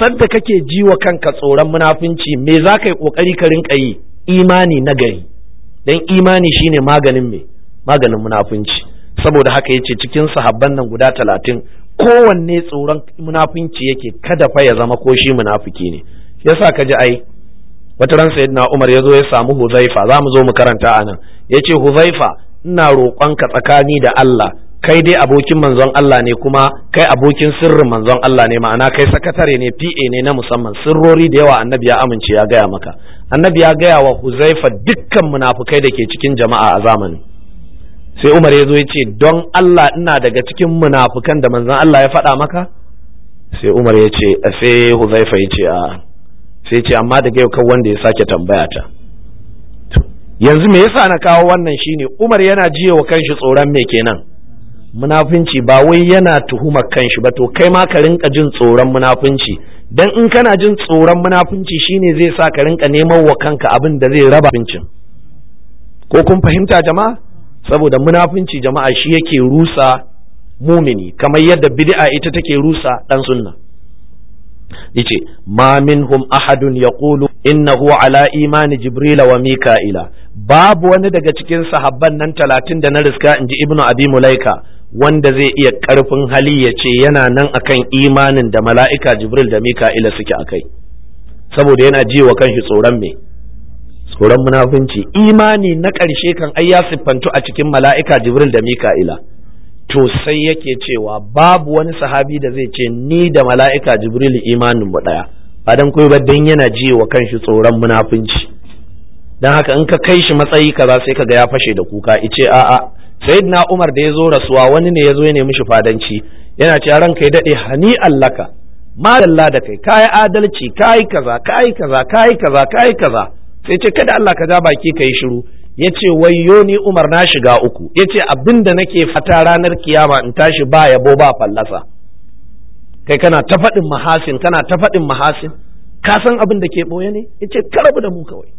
sadda kake ji wa kanka tsoron munafunci me za ka yi ƙoƙari ka rinka yi imani na gari don imani shine maganin me maganin munafunci saboda haka yace cikin sahabban nan guda talatin kowanne tsoron munafunci yake kada fa ya zama ko shi munafiki ne yasa ka ji ai wata ran sayyidina Umar ya zo ya samu Huzaifa za mu zo mu karanta anan yace Huzaifa ina roƙonka tsakani da Allah kai dai abokin manzon Allah ne kuma kai abokin sirrin manzon Allah ne ma'ana kai sakatare ne PA ne na musamman sirrori da yawa annabi ya amince ya gaya maka annabi ya gaya wa Huzaifa dukkan munafukai da ke cikin jama'a a zamanin sai Umar ya zo ya ce don Allah ina daga cikin munafukan da manzon Allah ya faɗa maka sai Umar ya ce sai Huzaifa ya ce a sai ce amma daga yau kan wanda ya sake tambaya ta yanzu me yasa na kawo wannan shine Umar yana jiye wa kanshi tsoron me kenan munafunci ba wai yana tuhumar kanshi ba to kai ma ka rinka jin tsoron munafunci dan in kana jin tsoron munafunci shine zai sa ka rinka neman wa kanka abin da zai raba bincin ko kun fahimta jama'a saboda munafunci jama'a shi yake rusa mumini kamar yadda bid'a ita take rusa dan sunna yace ma minhum ahadun yaqulu innahu ala imani jibrila wa mika'ila babu wani daga cikin sahabban nan talatin da na riska in ji ibnu abi mulaika wanda zai iya karfin hali ya ce yana nan akan imanin da mala'ika jibril da mika'ila suke a kai saboda yana ji wa kanshi tsoron me tsoron munafunci imani na ƙarshe kan ai ya siffantu a cikin mala'ika jibril da mika'ila to sai yake cewa babu wani sahabi da zai ce ni da mala'ika jibril imanin mu ɗaya ba dan koyi ba dan yana ji wa kanshi tsoron munafunci dan haka in ka kai shi matsayi kaza sai ka ga ya fashe da kuka ice a'a sayyidina umar da ya zo rasuwa wani ne ya zo ya nemi shi fadanci yana cewa ran kai daɗe hani allaka madalla da kai kayi adalci kayi kaza kayi kaza kayi kaza kayi kaza sai ce kada Allah ka ja baki ka yi shiru yace ce yo ni umar na shiga uku yace ce abin da nake fata ranar kiyama in tashi ba yabo ba fallasa kai kana ta faɗin mahasin kana ta faɗin mahasin ka san abin da ke ɓoye ne ya ce karabu da mu kawai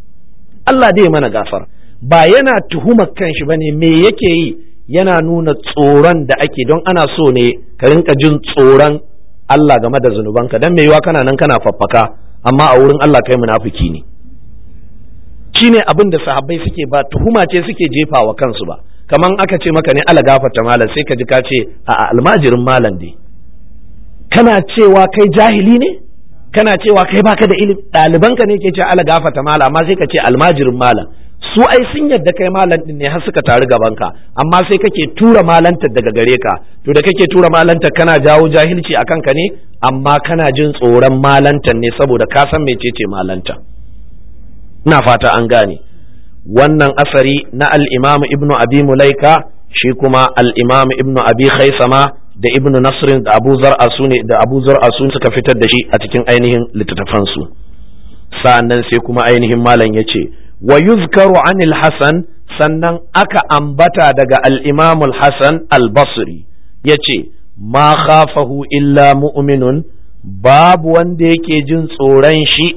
Allah dai mana gafara ba yana tuhumar kanshi ne, me yake yi yana nuna tsoron da ake don ana so ne ka rinka jin tsoron Allah game da zunubanka don mai yiwa kana nan kana faffaka amma a wurin Allah kai munafuki ne ne abin da sahabbai suke ba tuhuma ce suke jefa wa kansu ba kaman aka ce maka ne ala gafarta malam sai ka ji ka ce a almajirin malam dai kana cewa kai jahili ne kana cewa kai baka da ilimi ɗalibanka ne ke ce ala gafarta malam amma sai ka ce almajirin malam su ai sun yadda kai malam din ne har suka taru gaban ka amma sai kake tura malantar daga gare ka to da kake tura malanta kana jawo jahilci akan ka ne amma kana jin tsoron malantar ne saboda ka san mecece malanta ina fata an gane wannan asari na al-Imam Ibn Abi Mulaika shi kuma al-Imam Ibn Abi Khaisama da Ibn Nasrin da Abu Zar'a sune da Abu Zar'a suka fitar da shi a cikin ainihin littattafansu sa'annan sai kuma ainihin malam yace ce wa yuzkaru anil hasan sannan aka ambata daga al'imamul hasan al-basri ya ce ma khafahu illa mu'minun babu wanda yake jin tsoron shi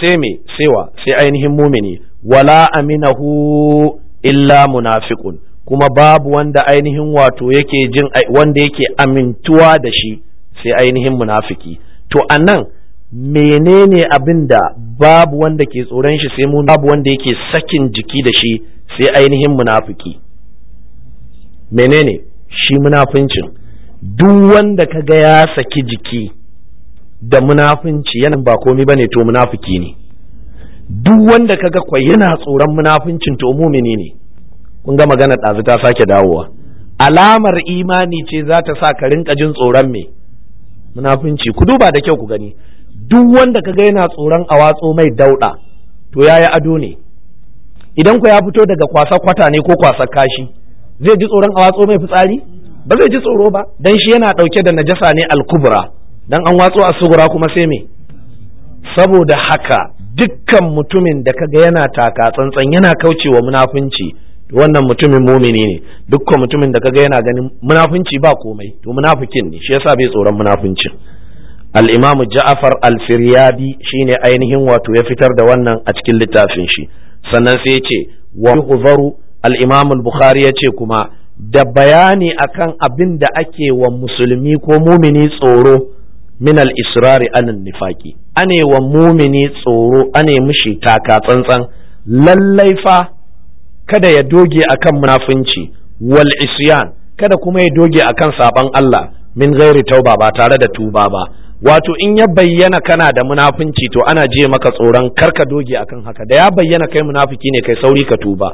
sai me sewa sai ainihin mumini wala aminahu illa munafiqun kuma babu wanda ainihin wato yake jin wanda yake amintuwa da shi sai ainihin munafiki to anan menene abin da babu wanda ke tsoron shi sai mu babu wanda yake sakin jiki da shi sai ainihin munafiki menene shi munafincin duk wanda ka ga ya saki jiki da munafinci yana ba komai bane to munafiki ne duk wanda ka ga kwai yana tsoron munafincin to mumini ne kun ga magana ɗazu ta sake dawowa alamar imani ce za ta sa ka rinka jin tsoron me munafinci ku duba da kyau ku gani duk wanda kaga yana tsoron a watso mai dauɗa to yayi ado ne idan ku ya fito daga kwasa kwata ne ko kwasa kashi zai ji tsoron a watso mai fitsari ba zai ji tsoro ba dan shi yana ɗauke da najasa ne alkubra dan an watso a sugura kuma sai me saboda haka dukkan mutumin da kaga yana taka tsantsan yana kauce kaucewa munafunci wannan mutumin mumini ne dukkan mutumin da kaga yana ganin munafunci ba komai to munafikin ne shi yasa bai tsoron munafunci. al-imamu ja'far al-firyabi shine ainihin wato ya fitar da wannan a cikin littafin shi sannan sai ya ce wa yuhzaru al al-bukhari ya ce kuma da bayani akan abin da ake wa musulmi ko mumini tsoro min al-israri anan nifaqi ane wa mumini tsoro ane mushi taka tsantsan lallai fa kada ya doge akan munafunci wal isyan kada kuma ya doge akan saban Allah min gairi tauba ba tare da tuba ba wato in ya bayyana kana da munafunci to ana je maka tsoron karka doge akan haka da ya bayyana kai munafiki ne kai sauri ka tuba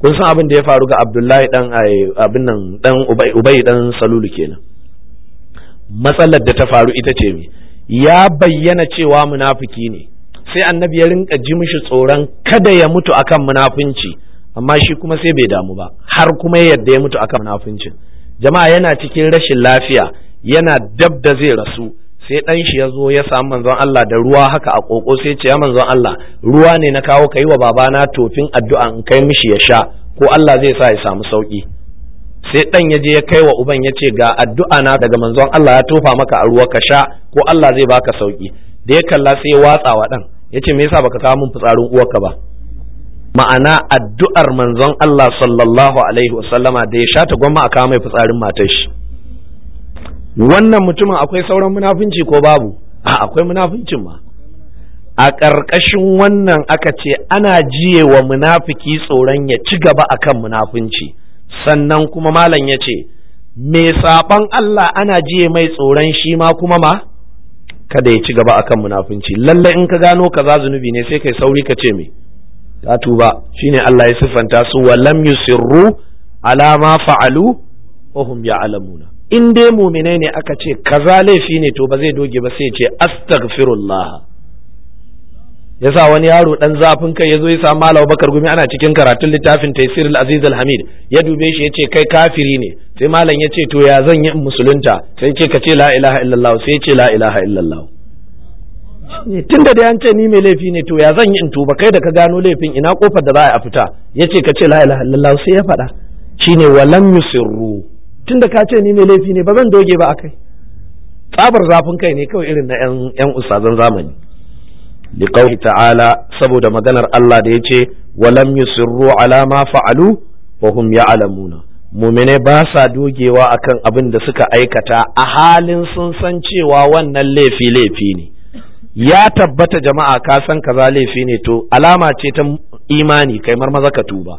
kun san abin da ya faru ga abdullahi dan abin nan dan ubai dan salulu kenan matsalar da ta faru ita ce me ya bayyana cewa munafiki ne sai annabi ya rinka ji mishi tsoron kada ya mutu akan munafunci amma shi kuma sai bai damu ba har kuma yadda ya mutu akan munafuncin jama'a yana cikin rashin lafiya yana dab da zai rasu sai ɗan shi ya zo ya samu manzon Allah da ruwa haka a koko sai ce ya manzon Allah ruwa ne na kawo ka yi wa babana tofin addu'a in kai mishi ya sha ko Allah zai sa ya samu sauki sai ɗan ya je ya kai wa uban ya ce ga addu'a na daga manzon Allah ya tofa maka a ruwa ka sha ko Allah zai baka sauƙi da ya kalla sai ya watsa wa ɗan ya ce me yasa baka kawo min fitsarin uwarka ba ma'ana addu'ar manzon Allah sallallahu alaihi wasallama da ya sha ta gwamma a kawo mai fitsarin matar shi wannan mutumin akwai sauran munafunci ko babu a akwai munafuncin ma a ƙarƙashin wannan aka ce ana jiye wa munafiki tsoron ya ci gaba akan munafunci sannan kuma malam ya ce me saɓan Allah ana jiye mai tsoron shi ma kuma ma kada ya ci gaba akan munafunci lalle in ka gano kaza zunubi ne sai kai sauri ka ce me ta tuba shine Allah ya siffanta su wa lam yusirru ala ma fa'alu wa hum ya'lamuna in dai mumine ne aka ce kaza laifi ne to ba zai doge ba sai ce astaghfirullah yasa wani yaro dan zafin kai yazo ya samu Malam Bakar Gumi ana cikin karatun littafin Taysir al-Aziz alhamid ya dube shi yace kai kafiri ne sai malam yace to ya zan yi musulunta sai ce ka ce la ilaha illallah sai ya ce la ilaha illallah tunda da an ni mai laifi ne to ya zan yi in tuba kai da ka gano laifin ina kofar da za a fita yace ka ce la ilaha illallah sai ya faɗa shine walam yusirru tunda ka ce ni mai laifi ne ba zan doge ba akai tsabar zafin kai ne kawai irin na yan yan ustazan zamani liqauli ta'ala saboda maganar Allah da yace walam yusirru ala ma fa'alu wa hum ya'lamuna mumine ba sa dogewa akan abin da suka aikata a halin sun san cewa wannan laifi laifi ne ya tabbata jama'a ka san kaza laifi ne to alama ce ta imani kai maza ka tuba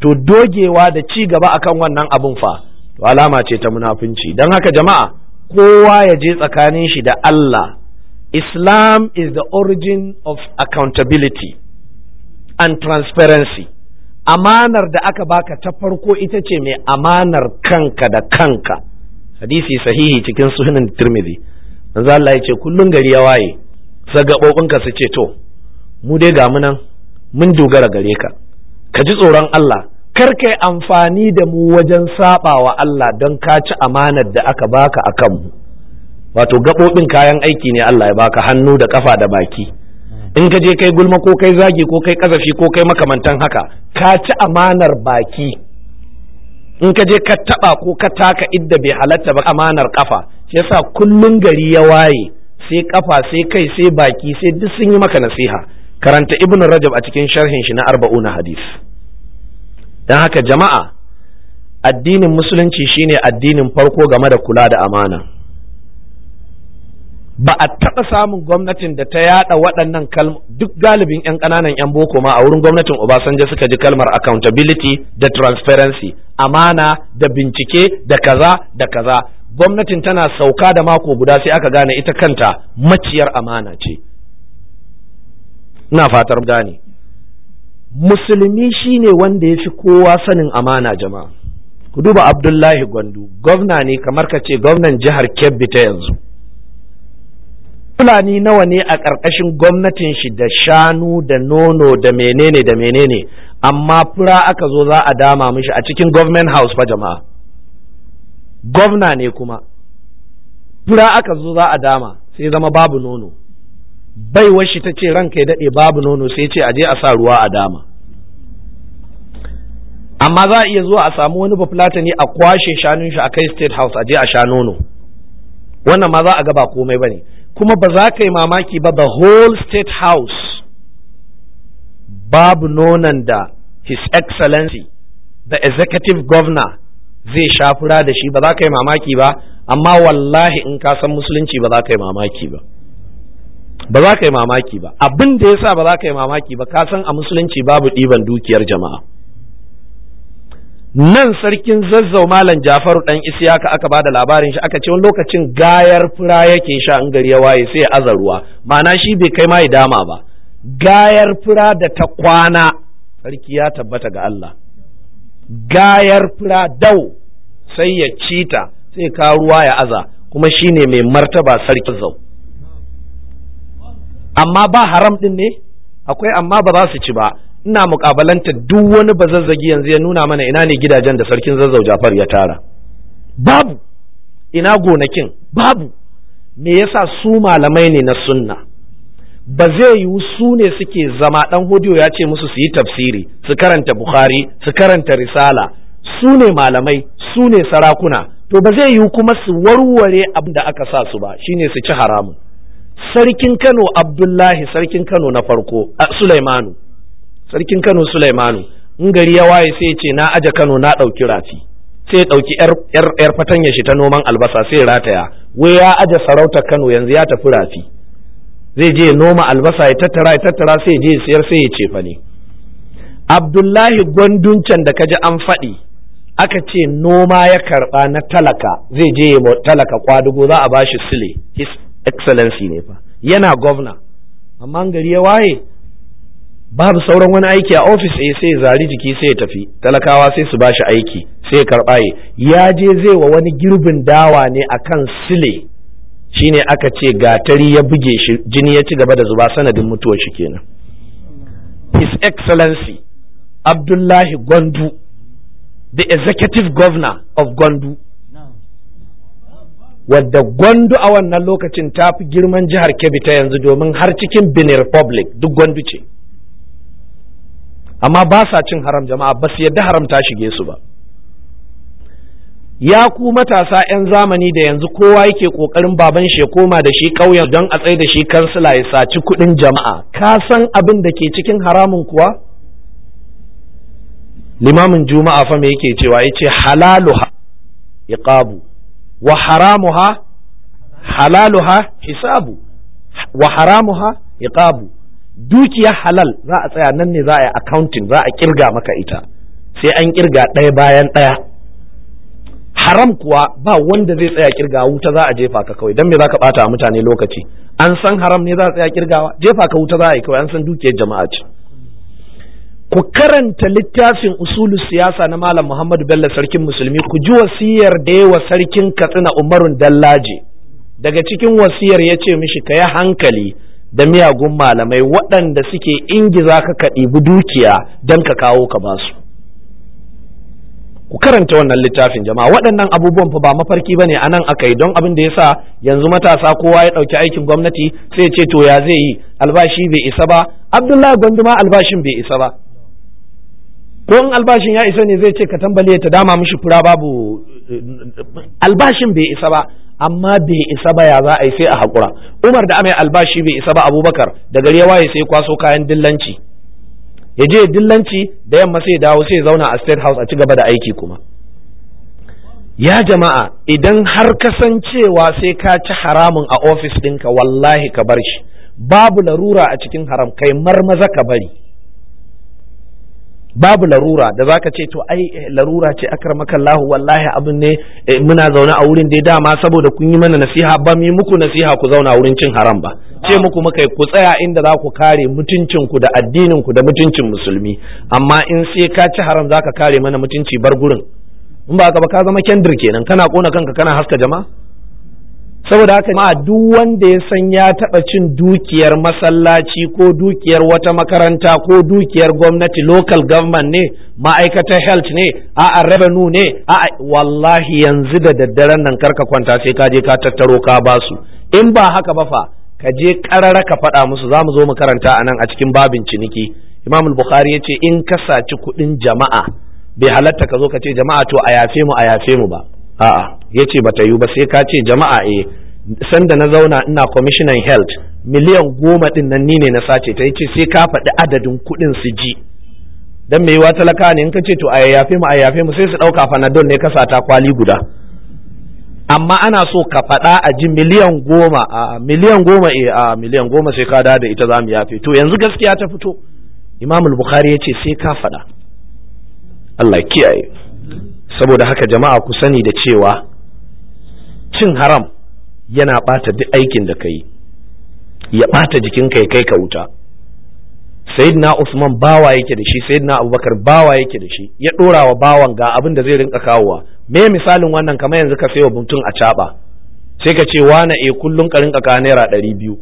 to dogewa da ci gaba akan wannan abun fa to alama ce ta munafunci don haka jama'a kowa ya je tsakanin shi da Allah Islam is the origin of accountability and transparency amanar da aka baka ta farko ita ce mai amanar kanka da kanka hadisi sahihi cikin sunan tirmidhi manzo Allah ya ce kullun gari ya waye sagabobinka su ce to mu dai ga munan mun dogara gare ka ka ji tsoron Allah kar ka yi amfani da mu wajen saba wa Allah don ka ci amanar da aka baka a kan mu. wato gaɓoɓin kayan aiki ne Allah ya baka hannu da ƙafa da baki in ka je kai gulma ko kai zagi ko kai ƙazafi ko kai makamantan haka ka ci amanar baki in ka je ka taɓa ko ka taka idda bai halatta ba amanar ƙafa shi yasa kullum gari ya waye sai ƙafa sai kai sai baki sai duk sun yi maka nasiha karanta ibnu rajab a cikin sharhin shi na arba'una hadis don haka jama'a addinin musulunci shine addinin farko game da kula da amana ba a taɓa samun gwamnatin da ta yada waɗannan kalm duk galibin 'yan ƙananan 'yan boko ma a wurin gwamnatin obasanjo suka ji kalmar accountability da transparency amana da bincike da kaza da kaza gwamnatin tana sauka da mako guda sai aka gane ita kanta maciyar amana ce ina fatar gane musulmi shine wanda ya fi kowa sanin amana jama'a ku duba abdullahi gwandu gwamna ne kamar ka ce gwamnan jihar kebbi ta yanzu fulani nawa ne a ƙarƙashin gwamnatin shi da shanu da nono da menene da menene amma fura aka zo za a dama mishi a cikin government house fa jama'a gwamna ne kuma fura aka zo za a dama sai zama babu nono bai shi ta ce ranka ya daɗe babu nono sai ce aje a sa ruwa a dama amma za a iya zuwa a samu wani bafulatani a kwashe shanun shi a kai state house aje a sha nono wannan ma za a ga ba komai bane kuma ba za ka yi mamaki ba the whole state house babu nonon da his excellency the executive governor zai shafura da shi ba za ka yi mamaki ba amma wallahi in ka san musulunci ba za ka yi mamaki ba ba za ka yi mamaki ba abin da ya sa ba za ka yi mamaki ba ka san a musulunci babu ɗiban dukiyar jama'a nan sarkin zazzau malam jafaru ɗan isiyaka aka ba da labarin shi aka ce wani lokacin gayar fura yake sha in gari ya waye sai ya aza ruwa ma'ana shi bai kai ma ya dama ba gayar fura da ta kwana sarki ya tabbata ga Allah gayar fura dau sai ya cita sai ka ruwa ya aza kuma shine mai martaba sarki zau amma ba haram din ne akwai amma ba za su ci ba ina mukabalanta duk wani bazazzagi yanzu ya nuna mana ina ne gidajen da sarkin zazzau Jafar ya tara babu ina gonakin babu me yasa su malamai ne na sunna ba zai yiwu su ne suke zama dan hodiyo ya ce musu su yi tafsiri su karanta bukhari su karanta risala su ne malamai su ne sarakuna to ba zai yiwu kuma su warware abin da aka sa su ba shine su ci haramun sarkin Kano Abdullahi sarkin Kano na farko a Sulaimanu sarkin Kano Sulaimanu in gari ya waye sai ce na aje Kano na ɗauki rafi sai ya ɗauki yar fatanya shi ta noman albasa sai rataya wai ya aje sarauta Kano yanzu ya tafi rafi zai je noma albasa ya tattara ya tattara sai je siyar sai ya ce ne Abdullahi gwanduncan da kaji an faɗi aka ce noma ya karɓa na talaka zai je ya talaka kwadugo za a bashi sile his excellency ne fa yana gwamna amma gari ya waye babu sauran wani aiki a ofis eh sai zari jiki sai ya tafi talakawa sai su bashi aiki sai ya karɓa ya je zai wa wani girbin dawa ne akan sile shine aka ce gatari ya buge shi jini ya ci gaba da zuba sanadin mutuwar shi kenan his excellency abdullahi gwandu the executive governor of gwandu wadda gwandu a wannan lokacin ta fi girman jihar kebbi ta yanzu domin har cikin benin republic duk gwandu ce amma ba sa cin haram jama'a ba su yadda haram ta shige su ba ya ku matasa 'yan zamani da yanzu kowa yake kokarin baban shi ya koma da shi ƙauyen don a tsaye da shi kansila ya saci kuɗin jama'a ka san abin da ke cikin haramun kuwa limamin juma'a fa me yake cewa yace halalu iqabu wa haramuha halaluha hisabu wa haramuha iqabu dukiya halal za a tsaya nan ne za a yi accounting za a kirga maka ita sai an ƙirga ɗaya bayan ɗaya haram kuwa ba wanda zai tsaya kirga wuta za a jefa ka kawai don me za ka ɓata mutane lokaci an san haram ne za a tsaya kirgawa jefa ka wuta za a yi kawai an san dukiyar jama'a ce ku karanta littafin usulu siyasa na malam muhammadu bello sarkin musulmi ku ji wasiyar da yawa sarkin katsina umarun dallaji daga cikin wasiyar ya ce mishi ka yi hankali da miyagun malamai waɗanda suke ingiza ka ka ɗibi dukiya don ka kawo ka basu ku karanta wannan littafin jama'a waɗannan abubuwan fa ba mafarki ba ne a nan aka yi don abin da ya sa yanzu matasa kowa ya ɗauki aikin gwamnati sai ya ce to ya zai yi albashi bai isa ba abdullahi gwanduma albashin bai isa ba ko in albashin ya isa ne zai ce ka tambale ta dama mishi fura babu albashin bai isa ba amma bai isa ba ya za a yi sai a haƙura umar da amai albashi bai isa ba abubakar da gari ya waye sai kwaso kayan dillanci ya je dillanci da yamma sai dawo sai zauna a state house a ci gaba da aiki kuma ya jama'a idan har ka san cewa sai ka ci haramun a ofis ɗinka wallahi ka bar shi babu larura a cikin haram kai marmaza ka bari babu larura da zaka ce to ai eh, larura ce Allah wallahi abin ne eh, muna zaune a wurin dai dama saboda kun yi mana nasiha ba mu muku nasiha ku zauna wurin cin haram ba ce muku muka ku tsaya inda za ku kare mutuncin ku da addinin ku da mutuncin musulmi amma in sai ka ci haram zaka kare mana mutunci bar gurin in ba ka ba ka zama kendir kenan kana kona kanka kana haska jama'a saboda haka ma duk wanda ya san ya taɓa cin dukiyar masallaci ko dukiyar wata makaranta ko dukiyar gwamnati local government ne ma'aikatar health ne a revenue ne a wallahi yanzu da daddaren nan karka kwanta sai ka je ka tattaro ka basu in ba haka ba fa ka je karara ka faɗa musu za mu zo mu karanta a nan a cikin babin ciniki imam bukhari ya ce in ka saci kuɗin jama'a bai halatta ka zo ka ce jama'a to a yafe mu a yafe mu ba a'a ya ce bata yiwu ba sai ka ce jama'a eh sanda na zauna ina kwamishinan health miliyan goma din nan ni ne na sace ta yace sai ka faɗi adadin kuɗin su ji dan me yiwa talaka ne in ka ce to a yafe mu a yafe mu sai su ɗauka fanadol ne ka sata kwali guda amma ana so ka faɗa a ji miliyan goma a miliyan goma eh a miliyan goma sai ka dada ita za mu yafe to yanzu gaskiya ta fito imam bukhari ya ce sai ka faɗa Allah kiyaye saboda haka jama'a ku sani da cewa cin haram yana ɓata duk aikin da ka yi ya ɓata jikinka ya kai ka wuta sayyidina usman bawa yake da shi sayyidina abubakar bawa yake da shi ya ɗora wa bawan ga abin da zai rinka kawowa me misalin wannan kamar yanzu ka sayo mutum a caɓa sai ka ce wane e kullum ka rinka kawo naira ɗari biyu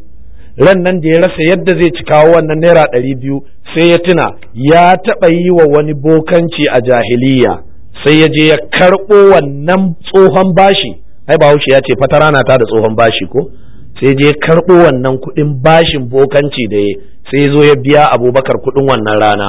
ran nan da ya rasa yadda zai ci kawo wannan naira ɗari biyu sai ya tuna ya taɓa yi wa wani bokanci a jahiliya sai ya je ya karɓo wannan tsohon bashi ai ba ya ce fata rana ta da tsohon bashi ko sai je karɓo wannan kuɗin bashin bokanci da ya sai zo ya biya abubakar kuɗin wannan rana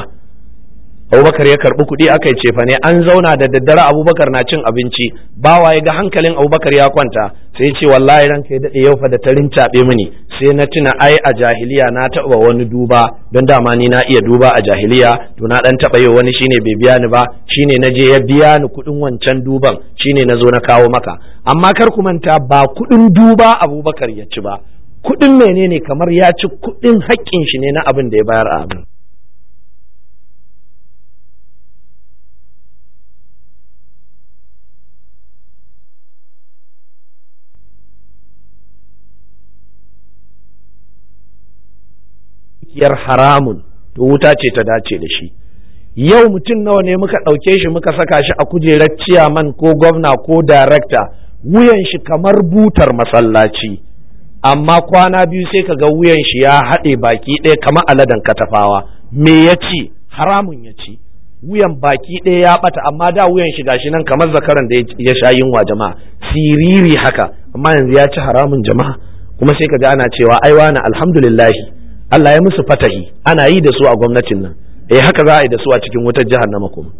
abubakar ya karbi kuɗi aka yi cefa ne an zauna da daddare abubakar na cin abinci bawa ya ga hankalin abubakar ya kwanta sai ce wallahi ran ya daɗe yau fa da tarin caɓe mini sai na tuna ai a jahiliya na taɓa wani duba don dama ni na iya duba a jahiliya to na ɗan taɓa yau wani shine bai biya ni ba shine na je ya biya ni kuɗin wancan duban shine na zo na kawo maka amma kar ku manta ba kuɗin duba abubakar ya ci ba kuɗin menene kamar ya ci kuɗin haƙƙin shi ne na abin da ya bayar a abin Yar haramun to wuta ce ta dace da shi yau mutum nawa ne muka ɗauke shi muka saka shi a kujerar ciyaman ko gwamna ko darakta wuyan shi kamar butar masallaci amma kwana biyu sai ka ga wuyan shi ya haɗe baki ɗaya kamar aladan katafawa me ya ci haramun ya ci wuyan baki ɗaya ya ɓata amma da wuyan shi gashi nan kamar zakaran da ya sha yunwa jama'a siriri haka amma yanzu ya ci haramun jama'a kuma sai ka ga ana cewa ai wani alhamdulillahi Allah ya musu fatahi ana yi da su a gwamnatin nan eh haka za a yi da su a cikin wutar jahannama kuma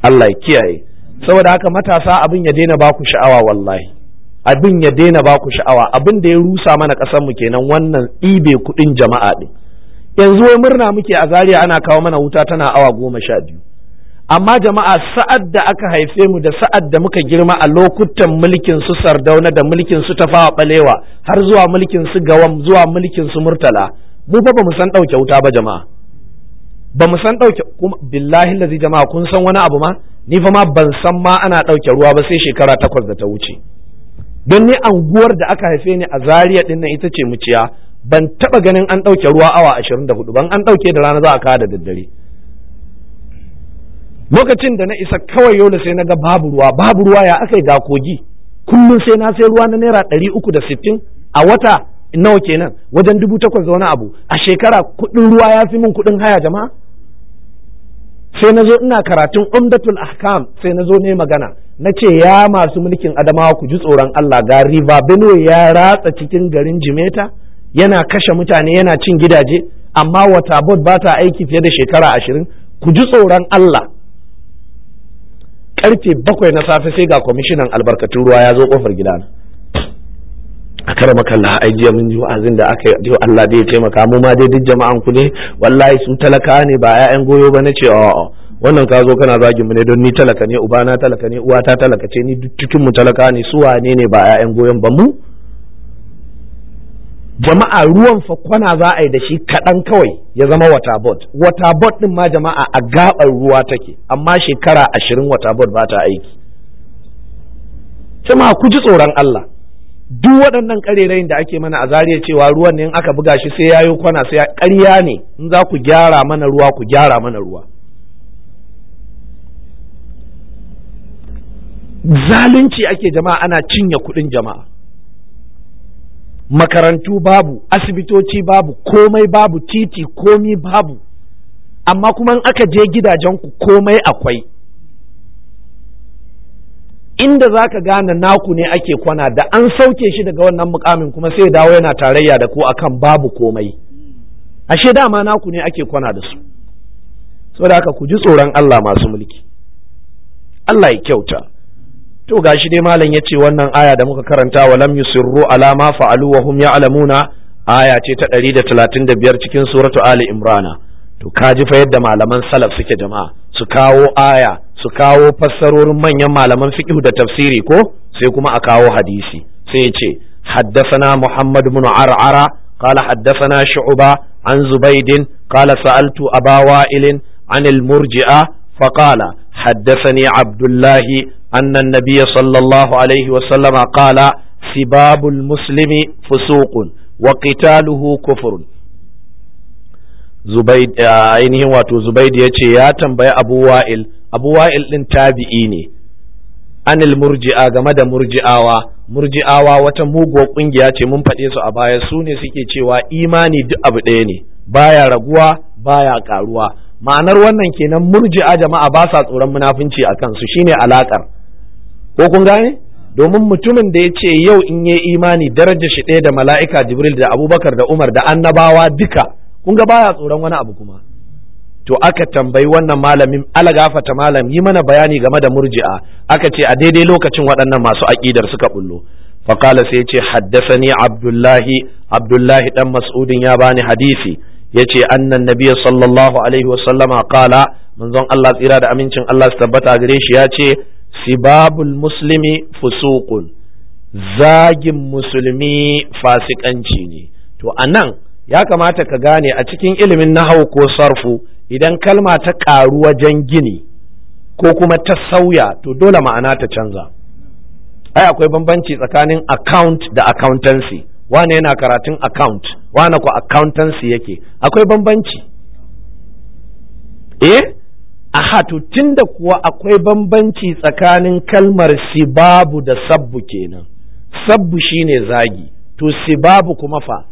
Allah ya kiyaye saboda haka matasa abin ya daina ba ku sha'awa wallahi abin ya daina ba ku sha'awa abin da ya rusa mana kasar mu kenan wannan ibe kuɗin jama'a ɗin yanzu wai murna muke a zaria ana kawo mana wuta tana awa goma sha biyu amma jama'a sa'ad da aka haife mu da sa'ad da muka girma a lokutan mulkin su sardauna da mulkin su tafawa balewa har zuwa mulkin su gawam zuwa mulkin su murtala mu fa ba mu san ɗauke wuta ba jama'a ba mu san ɗauke kuma billahi lazi jama'a kun san wani abu ma ni fa ma ban san ma ana ɗauke ruwa ba sai shekara takwas da ta wuce don ni anguwar da aka haife ni a Zariya ɗin nan ita ce muciya ban taɓa ganin an ɗauke ruwa awa ashirin da hudu ban an ɗauke da rana za a kawo da daddare lokacin da na isa kawai yau da sai na ga babu ruwa babu ruwa ya aka kogi kullum sai na sai ruwa na naira ɗari uku da sittin a wata nawa kenan wajen dubu takwas da wani abu a shekara kuɗin ruwa ya fi min kuɗin haya jama'a sai na zo ina karatun umdatul ahkam sai na zo ne magana na ce ya masu mulkin adamawa ku ji tsoron Allah ga riba bino ya ratsa cikin garin jimeta yana kashe mutane yana cin gidaje amma wata bot ba ta aiki fiye da shekara ashirin ku ji tsoron Allah karfe bakwai na safe sai ga kwamishinan albarkatun ruwa ya zo kofar gidana a kare makalla ai jiya mun ji wa'azin da aka yi Allah dai ya taimaka mu ma dai duk jama'an ku ne wallahi su talaka ne ba 'ya'yan goyo ba na ce a'a wannan ka zo kana zagin mu ne don ni talaka ne Uba na talaka ne ta talaka ce ni duk cikin mu talaka ne su wane ne ba 'ya'yan goyon ba mu jama'a ruwan fa kwana za a yi da shi kaɗan kawai ya zama Wata waterbot ɗin ma jama'a a gaɓar ruwa take amma shekara ashirin waterbot ba ta aiki jama'a ku ji tsoron Allah duk waɗannan ƙarerayin da ake mana a zariya cewa ruwan ne in aka buga shi sai yayo kwana sai ya ƙarya ne in za ku gyara mana ruwa ku gyara mana ruwa zalunci ake jama'a ana cinye kuɗin jama'a makarantu babu asibitoci babu komai babu titi komi babu amma kuma in aka je gidajenku komai akwai inda za ka gane naku ne ake kwana da an sauke shi daga wannan mukamin kuma sai dawo yana tarayya da ku akan babu komai ashe dama naku ne ake kwana da su saboda haka ku ji tsoron Allah masu mulki Allah ya kyauta to gashi dai malam yace wannan aya da muka karanta wa lam yusirru ala ma fa'alu wa hum ya'lamuna aya ce ta 135 cikin suratu ali imrana to kaji fa yadda malaman salaf suke jama'a su kawo aya su kawo fassarorin manyan malaman fiqh da tafsiri ko sai kuma a kawo hadisi sai ya ce haddasana muhammad bin ar'ara قال حدثنا شعبة عن زبيد قال سألت أبا وائل عن المرجئة فقال حدثني عبد الله أن النبي صلى الله عليه وسلم قال سباب المسلم فسوق وقتاله كفر زبيد آه عينه واتو زبيد يتي يا تنبي أبو وائل abu wa'il ɗin tabi'i ne anil murji'a game da murji'awa murji'awa wata muguwar ƙungiya ce mun faɗe su a baya su ne suke cewa imani duk abu ɗaya ne baya raguwa baya ƙaruwa ma'anar wannan kenan murji'a jama'a ba sa tsoron munafunci a kansu shine alaƙar ko kun gane domin mutumin da ya ce yau in yi imani daraja shi ɗaya da mala'ika jibril da abubakar da umar da annabawa duka kun ga baya tsoron wani abu kuma to aka tambayi wannan malamin alagafata malam yi mana bayani game da murji'a aka ce a daidai lokacin waɗannan masu aƙidar suka bullo faƙala sai ce haddasani abdullahi abdullahi dan mas'udin ya bani hadisi ya ce annan nabiya sallallahu alaihi wasallama ƙala manzon allah tsira da amincin allah su tabbata gare shi ya ce sibabul muslimi fusuqun zagin musulmi fasikanci ne to anan ya kamata ka gane a cikin ilimin nahawu ko sarfu idan kalma ta ƙaru wajen gini ko kuma ta sauya to dole ma'ana ta canza ai akwai bambanci tsakanin account da accountancy wane yana karatun account wane ko accountancy yake akwai bambanci eh aha to tunda kuwa akwai bambanci tsakanin kalmar sibabu da sabbu kenan sabbu shine zagi to sibabu kuma fa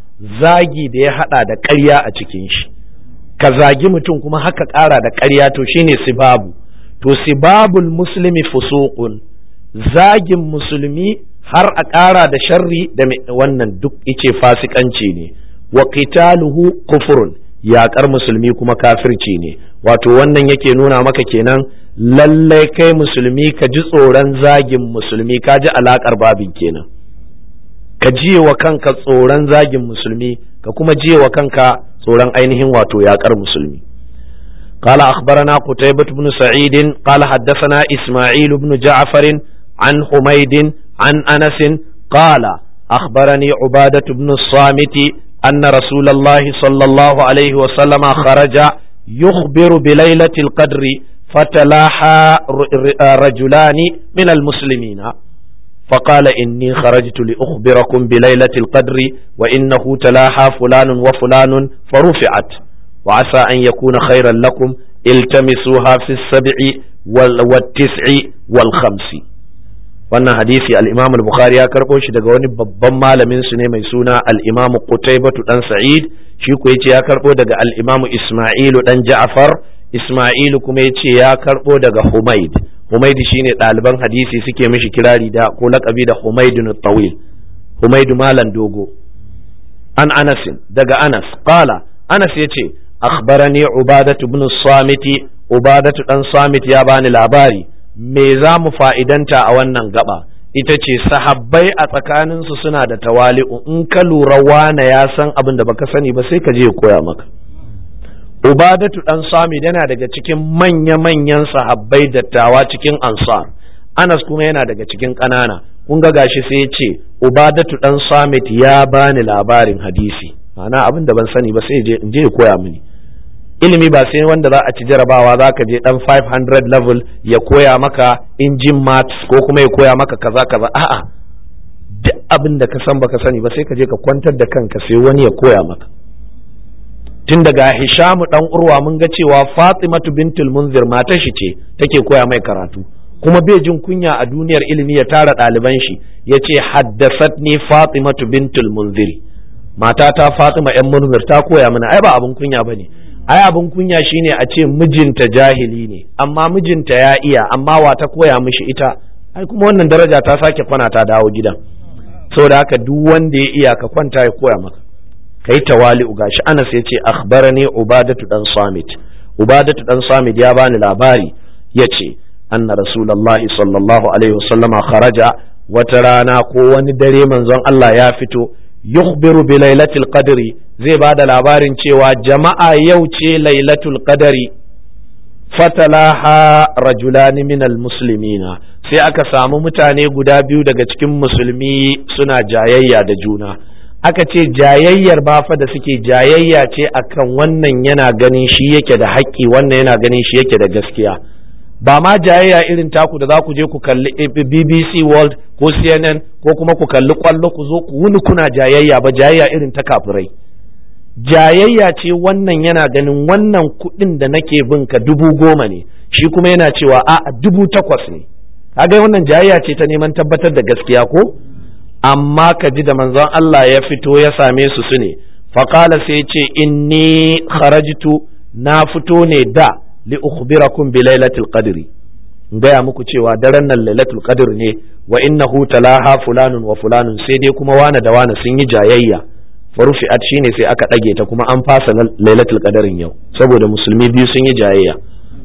zagi da ya hada da ƙarya a cikin shi ka zagi mutum kuma haka ƙara da ƙarya to shine sibabu to sibabul muslimi fusuqun zagin musulmi har a ƙara da sharri da wannan duk ice fasikanci ne wa qitaluhu kufrun yaƙar musulmi kuma kafirci ne wato wannan yake nuna maka kenan lallai kai musulmi ka ji tsoron zagin musulmi ka ji alaƙar babin kenan ka ji wa kanka tsoron zagin musulmi ka kuma jiye wa kanka tsoron ainihin wato yaƙar musulmi قال أخبرنا قتيبة بن سعيد قال حدثنا إسماعيل بن جعفر عن حميد عن أنس قال أخبرني عبادة بن الصامت أن رسول الله صلى الله عليه وسلم خرج يخبر بليلة القدر فتلاحى رجلان من المسلمين فقال إني خرجت لأخبركم بليلة القدر وإنه تلاحى فلان وفلان فرفعت وعسى أن يكون خيرا لكم التمسوها في السبع والتسع والخمس wannan hadisi al-Imam al-Bukhari ya karbo shi daga wani babban malamin su ne mai suna al-Imam Qutaybah dan Sa'id shi ko yace ya karbo daga al-Imam Isma'il dan Ja'far Ismailu kuma ya ce ya karɓo daga Humaid Humaid ne ɗaliban hadisi suke mishi kirari da ko laƙabi da Humaidu na Tawil Humaidu malam dogo an Anasin daga Anas qala Anas ya ce akhbarani Ubadatu bin Samiti Ubadatu dan Samit ya bani labari me za mu fa'idanta a wannan gaba ita ce sahabbai a tsakaninsu suna da tawali'u in ka lura wane ya san abin da baka sani ba sai ka je ya koya maka ubadatu dan sami yana daga cikin manya-manyan sahabbai dattawa cikin ansar anas kuma yana daga cikin ƙanana kun ga gashi sai ya ce ubadatu dan samit ya bani labarin hadisi ma'ana abin da ban sani ba sai je je koya mini ilimi ba sai wanda za a ci jarabawa za ka je dan 500 level ya koya maka injin maths ko kuma ya koya maka kaza kaza a'a duk abin da ka san baka sani ba sai ka je ka kwantar da kanka sai wani ya koya maka tun daga Hishamu dan Urwa mun ga cewa Fatimatu bintul Munzir mata shi ce take koya mai karatu kuma bai jin kunya a duniyar ilimi ya tara ɗaliban shi ya ce haddasatni Fatimatu bintul mata matata Fatima yan Munzir ta koya mana ai ba abin kunya bane ai abin kunya shine a ce mijinta jahili ne amma mijinta ya iya amma wa ta koya mishi ita ai kuma wannan daraja ta sake kwana ta dawo gidan saboda haka duk wanda ya iya ka kwanta ya koya maka kai tawali'u gashi Anas yace akhbarani Ubadatu dan Samit Ubadatu dan Samit ya bani labari yace anna Rasulullahi sallallahu alaihi wasallama kharaja wata rana ko wani dare manzon Allah ya fito yukhbiru bi lailatul qadri zai ba da labarin cewa jama'a yau ce lailatul qadri fatalaha rajulani musulmina, sai aka samu mutane guda biyu daga cikin musulmi suna jayayya da juna aka ce jayayyar ba fa da suke jayayya ce akan wannan yana ganin shi yake da haƙƙi wannan yana ganin shi yake da gaskiya ba ma jayayya irin taku da za ku je ku kalli BBC World ko CNN ko kuma ku kalli kwallo ku zo ku wuni kuna jayayya ba jayayya irin ta kafirai jayayya ce wannan yana ganin wannan kuɗin da nake bin ka dubu goma ne shi kuma yana cewa a dubu takwas ne kaga wannan jayayya ce ta neman tabbatar da gaskiya ko amma ka ji da manzon Allah ya fito ya same su su ne faƙala sai ce inni kharajtu na fito ne da li ukhbirakum bi lailatul qadri in gaya muku cewa daren nan lailatul qadr ne wa innahu talaha fulanun wa fulanun sai dai kuma wane da wane sun yi jayayya farufi'at shine sai aka dage ta kuma an fasa lailatul qadrin yau saboda musulmi biyu sun yi jayayya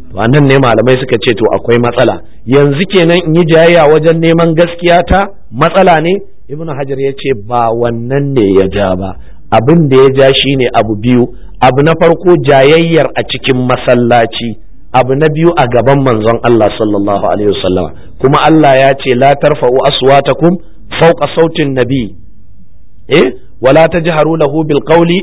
to annan ne malamai suka ce to akwai matsala yanzu kenan in yi jayayya wajen neman gaskiya ta matsala ne ibnu hajar ya ce ba wannan ne ya ja ba abin da ya ja shine abu biyu abu na farko jayayyar a cikin masallaci abu na biyu a gaban manzon Allah sallallahu alaihi wasallama kuma Allah ya ce la tarfa'u aswatakum fawqa sautin nabi eh wala tajharu lahu bil qawli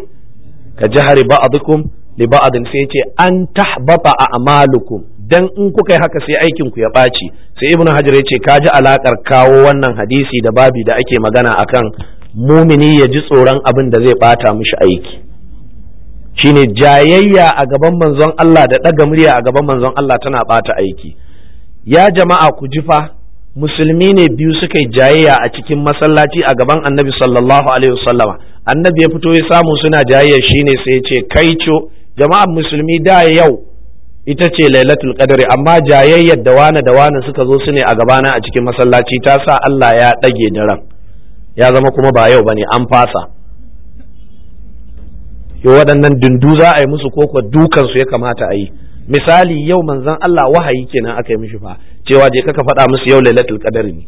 ka jahari ba'dikum li ba'din sai yace an tahbata a'malukum dan in kuka yi haka sai aikin ku ya ɓaci sai ibnu hajar yace ka ji alakar kawo wannan hadisi da babi da ake magana akan mumini ya ji tsoron abin da zai bata mishi aiki shine jayayya a gaban manzon Allah da ɗaga murya a gaban manzon Allah tana bata aiki ya jama'a ku ji musulmi ne biyu suka yi jayayya a cikin masallaci a gaban annabi sallallahu alaihi wasallama annabi ya fito ya samu suna jayayya shine sai ya ce kaico jama'an musulmi da yau ita ce lailatul qadri amma jayayyar da wani da wani suka zo su ne a gabana a cikin masallaci ta sa Allah ya ɗage daren ya zama kuma ba yau bane an fasa yo waɗannan dundu za a yi musu koko dukan su ya kamata a yi misali yau manzon Allah wahayi kenan aka yi mishi fa cewa je kaka faɗa musu yau lailatul qadri ne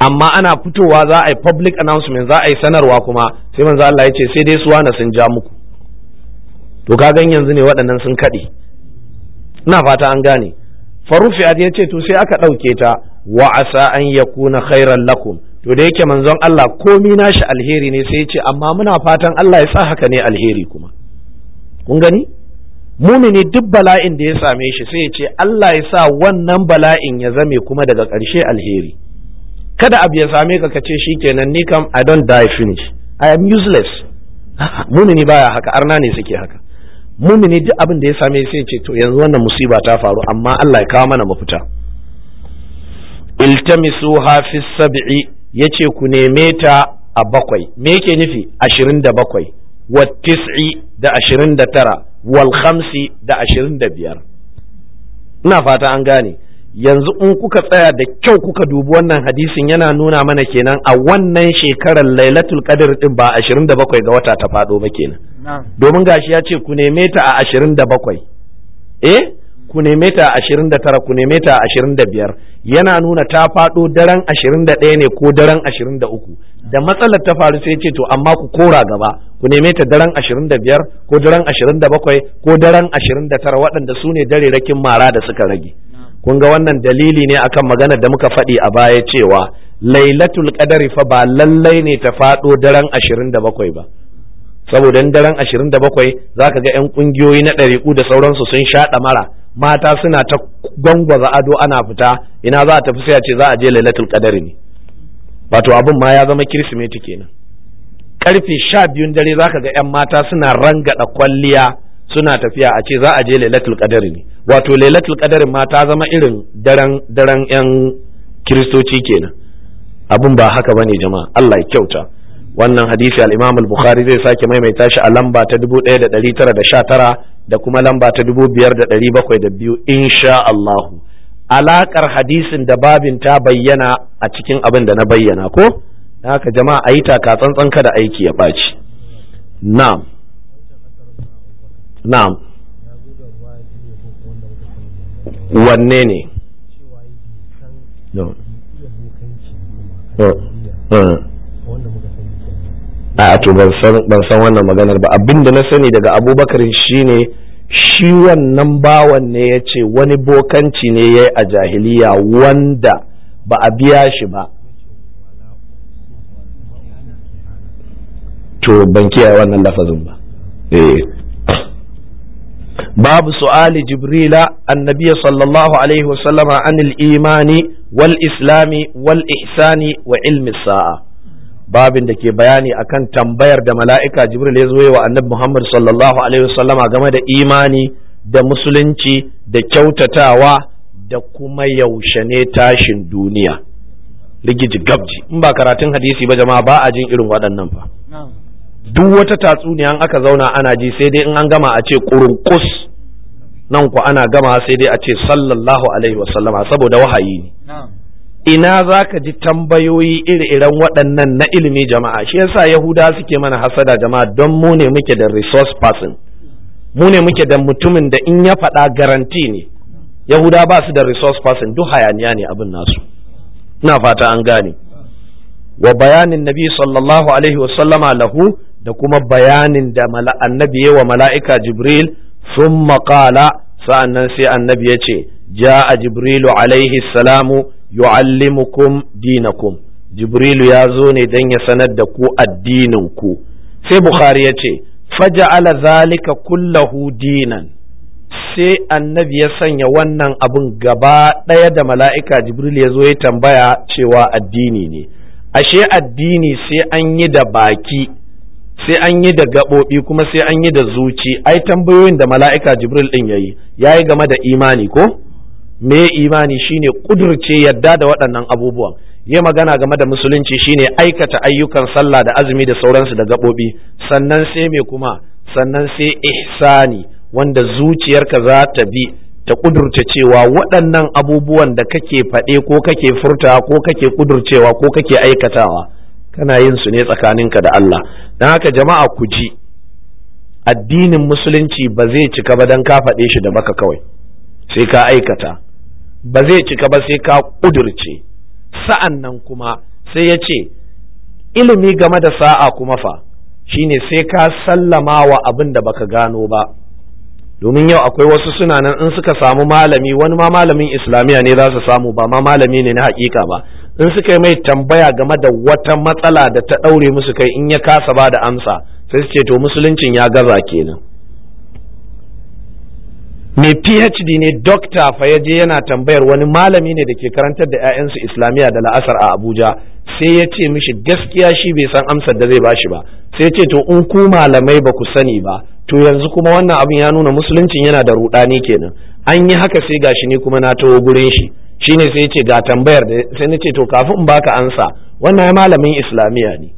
amma ana fitowa za a yi public announcement za a yi sanarwa kuma sai manzon Allah ya ce sai dai su wane sun ja muku to ka gan yanzu ne waɗannan sun kaɗe ina fata an gane farufi'at ya ce to sai aka ɗauke ta wa asa an kuna khairan lakum to da yake manzon Allah komi nashi alheri ne sai ya ce amma muna fatan Allah ya sa haka ne alheri kuma kun gani mumini duk bala'in da ya same shi sai ya ce Allah ya sa wannan bala'in ya zame kuma daga ƙarshe alheri kada abu ya same ka kace shikenan ni kam I don't die finish I am useless [laughs] mumini baya haka arna ne suke haka mumini duk abin da ya same sai ce to yanzu wannan musiba ta faru amma Allah ya kawo mana mafita iltamisu hafi sab'i yace ku neme ta a bakwai me yake nufi ashirin da bakwai wa tis'i da ashirin da tara wal khamsi da ashirin da biyar ina fata an gane yanzu in kuka tsaya da kyau kuka dubi wannan hadisin yana nuna mana kenan a wannan shekarar lailatul qadr din ba 27 ga wata ta faɗo ba kenan domin gashi ya ce ku neme ta a ashirin da bakwai eh ku neme ta a ashirin da tara ku neme ta a ashirin da biyar yana nuna ta faɗo daren ashirin da ɗaya ne ko daren ashirin da uku da matsalar ta faru sai ce to amma ku kora gaba ku neme ta daren ashirin da biyar ko daren ashirin da bakwai ko daren ashirin da tara waɗanda su ne dare rakin mara da suka rage kun ga wannan dalili ne akan magana da muka faɗi a baya cewa lailatul qadari fa ba lallai ne ta faɗo daren ashirin da bakwai ba saboda daren 27 ka ga yan kungiyoyi na ɗariku da sauransu sun sha ɗamara mata suna ta gwangwaza ado ana fita ina za a tafi sai a ce za a je lailatul qadari ne wato abin ma ya zama kirsimeti kenan karfe sha biyun dare za ka ga yan mata suna rangada kwalliya suna tafiya a ce za a je lailatul qadari ne wato lailatul qadari ma ta zama irin daren daren yan kiristoci kenan abin ba haka bane jama'a Allah ya kyauta wannan hadisi al-Imam al-Bukhari zai sake maimaita shi a lamba ta 1919 da kuma lamba ta 2702 insha Allah alakar hadisin da babin ta bayyana a cikin abin da na bayyana ko haka jama'a ayi taka tsantsan kada aiki ya baci na'am na'am wanne ne no. a to ban san wannan maganar ba abinda na sani daga abubakar shine shi wannan bawan ne ya ce wani bokanci ne ya yi a jahiliya wanda ba a biya shi ba to ban kiyaye wannan lafazin ba eh. babu su'ali jibrila annabiya sallallahu alaihi wasallama anil imani wal islami wal ihsani wa ilmi sa'a babin da ke bayani akan tambayar da mala'ika jibril ya zo wa annabi muhammad sallallahu alaihi wasallama game da imani da musulunci da kyautatawa da kuma yaushe ne tashin duniya rigiji gabji in ba karatun hadisi ba jama'a ba a jin irin waɗannan fa duk wata tatsuniya aka zauna ana ji sai dai in an gama a ce kurunkus nan ku ana gama sai dai a ce sallallahu alaihi wasallama saboda wahayi ne ina za ka ji tambayoyi iri-iren waɗannan na ilimi jama'a shi yasa yahuda suke mana hasada jama'a don mu ne muke da resource person mu ne muke da mutumin da in ya faɗa garanti ne yahuda ba su da resource person duk hayaniya ne abin nasu ina fata an gane wa bayanin nabi sallallahu alaihi wasallama lahu da kuma bayanin da annabi ya wa mala'ika jibril sun maƙala sa'annan sai annabi ya ce a jibrilu alaihi salamu yu'allimukum dinakum jibrilu ya zo ne don ya sanar da ku addinin ku sai bukhari ya ce faja'ala zalika kullahu dinan sai annabi ya sanya wannan abun gaba ɗaya da mala'ika jibril ya zo ya tambaya cewa addini ne ashe addini sai an yi da baki sai an yi da gaɓoɓi kuma sai an yi da zuci ai tambayoyin da mala'ika jibril ɗin ya yi ya yi game da imani ko me imani shine kudurce yadda da waɗannan abubuwan ya magana game da musulunci shine aikata ayyukan sallah da azumi da sauransu da gaɓoɓi sannan sai me kuma sannan sai ihsani wanda zuciyarka za ta bi ta kudurce cewa waɗannan abubuwan da kake faɗe ko kake furtawa ko kake kudurcewa ko kake aikatawa kana yin su ne tsakaninka da Allah don haka jama'a ku ji addinin musulunci ba zai cika ba don ka faɗe shi da baka kawai sai ka aikata ba zai cika ba sai ka ƙudurce sa'an nan kuma sai ya ce ilimi game da sa'a kuma fa shine sai ka sallama wa abin da baka gano ba domin yau akwai wasu suna nan in suka samu malami wani ma malamin islamiyya ne za su samu ba ma malami ne na hakika ba in suka yi mai tambaya game da wata matsala da ta ɗaure musu kai in ya kasa ba da amsa sai su ce to musuluncin ya gaza kenan mai phd ne dokta fa ya je yana tambayar wani malami ne da ke karantar da 'ya'yansu islamiyya da la'asar a abuja sai ya ce mishi gaskiya shi bai san amsar da zai bashi ba sai ya ce to in ku malamai ba ku sani ba to yanzu kuma wannan abin ya nuna musuluncin yana da rudani kenan an yi haka sai gashi ni kuma na taho gurin shi shine sai ya ce ga tambayar da sai na ce to kafin in baka ansa wannan malamin islamiyya ne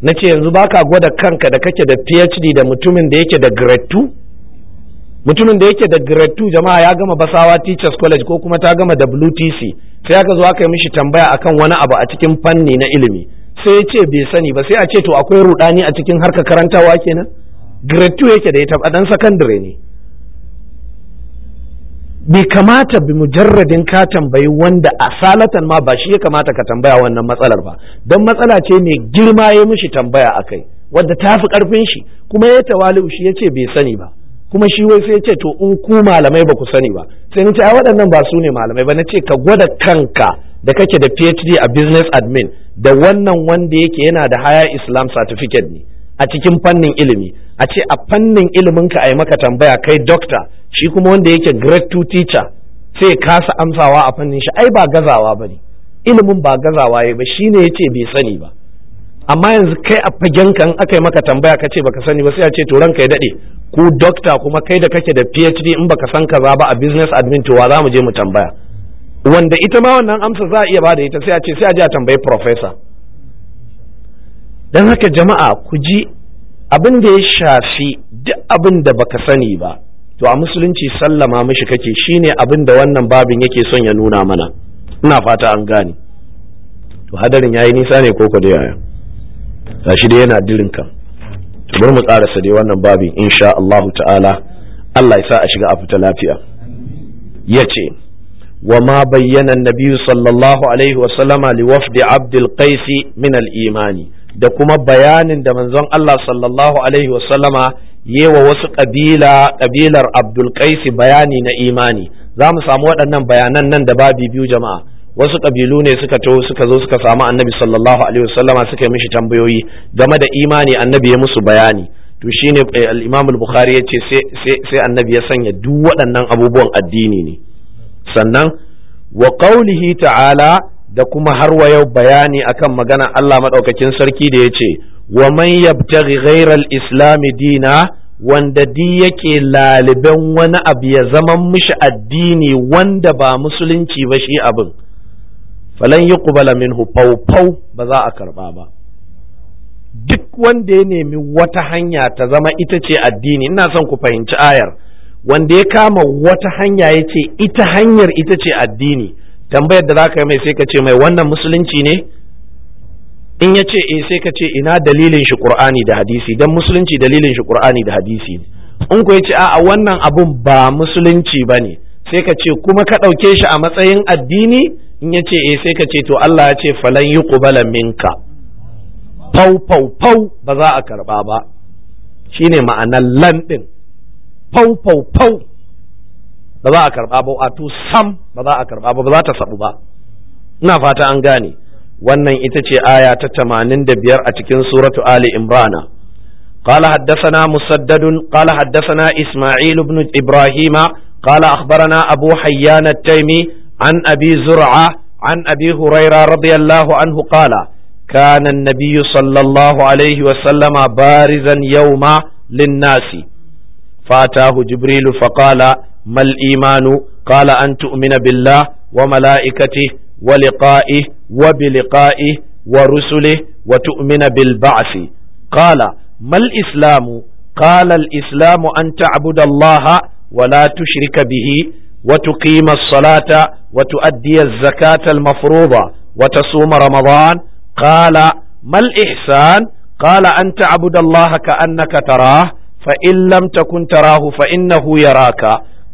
na ce yanzu baka gwada kanka da kake da phd da mutumin da yake da grade 2 mutumin da yake da grade 2 jama'a ya gama basawa teachers college ko kuma ta gama WTC sai aka zo aka yi mishi tambaya akan wani abu a cikin fanni na ilimi sai ya ce bai sani ba sai a ce to akwai rudani a cikin harkar karantawa kenan grade 2 yake da ita a dan secondary ne bai kamata bi mujarradin ka tambayi wanda a salatan ma ba shi ya kamata ka tambaya wannan matsalar ba don matsala ce mai girma ya mishi tambaya akai wanda ta fi karfin shi kuma ya tawali'u shi ya ce bai sani ba kuma shi wai sai ce to in ku malamai ba ku sani ba sai ce ai waɗannan ba su ne malamai ba Na ce ka gwada kanka da kake da PhD a business admin da wannan wanda yake yana da haya Islam certificate ne a cikin fannin ilimi a ce a fannin ilimin ka ai maka tambaya kai doctor shi kuma wanda yake grade 2 teacher sai kasa amsawa a fannin shi ai ba gazawa bane ilimin ba gazawa ya ba shine yace bai sani ba amma yanzu kai a fagenka in aka yi maka tambaya ka ce baka sani ba sai a ce to ranka ya daɗe ku dokta kuma kai da kake da PhD in baka san kaza ba a business admin to wa za mu je mu tambaya wanda ita ma wannan amsa za a iya bada ita sai a ce sai a je a tambayi professor dan haka jama'a ku ji abin da ya shafi duk abin da baka sani ba to a musulunci sallama mishi kake shine abin da wannan babin yake son ya nuna mana ina fata an gane to hadarin yayi nisa ne ko da yaya gashi yana dirin kan ƙara bari mu karasa dai wannan babin insha Allah ta'ala Allah ya sa a shiga a fita lafiya yace wa ma bayyana nabi sallallahu alaihi wa sallama li wafdi abdul min al imani da kuma bayanin da manzon Allah sallallahu alaihi wa sallama yewa wasu kabila kabilar abdul qais bayani na imani za mu samu waɗannan bayanan nan da babi biyu jama'a wasu ƙabilu ne suka to suka zo suka samu annabi sallallahu alaihi wasallama suka yi mishi tambayoyi game da imani annabi ya musu bayani to shine eh, al-Imam al-Bukhari yace sai sai annabi ya sanya duk waɗannan abubuwan addini ne sannan wa qaulihi ta'ala da kuma har wa yau bayani akan magana Allah madaukakin sarki da yace wa man yabtaghi ghayra al-islam dina wanda di yake laliban wani abu ya zama mishi addini wanda ba musulunci ba shi abin falan yi kubala minhu fawfaw ba za a karba ba duk wanda ya nemi wata hanya ta zama ita ce addini ina son ku fahimci ayar wanda ya kama wata hanya ya ce ita hanyar ita ce addini tambayar da za ka yi mai sai ka ce mai wannan musulunci ne in ya ce eh sai ka ce ina dalilin shi qur'ani da hadisi dan musulunci dalilin shi qur'ani da hadisi ne in ku ya ce a'a wannan abun ba musulunci ba ne, sai ka ce kuma ka ɗauke shi a matsayin addini in ya ce eh sai ka ce to Allah ya ce falan yi ƙubala minka fau fau fau ba za a karba ba shine ma'anar lan ɗin fau fau fau ba za a karba ba wato sam ba za a karba ba ba za ta saɓu ba ina fata an gane wannan ita ce aya ta tamanin da biyar a cikin suratu Ali Imrana قال حدثنا مسدد قال حدثنا إسماعيل بن إبراهيم قال أخبرنا أبو حيان التيمي an abi zur'a an abi huraira radiyallahu anhu qala kanan an-nabiy sallallahu alaihi wa sallama barizan yawma lin-nasi fatahu jibrilu fa qala mal imanu qala an tu'mina billah wa mala'ikati wa liƙa'i wa biliƙa'i wa rusulihi wa tu'mina bil ba'si qala mal islamu قال الإسلام an تعبد الله ولا تشرك bihi. وتقيم الصلاة وتؤدي الزكاة المفروضة وتصوم رمضان قال ما الإحسان قال أن تعبد الله كأنك تراه فإن لم تكن تراه فإنه يراك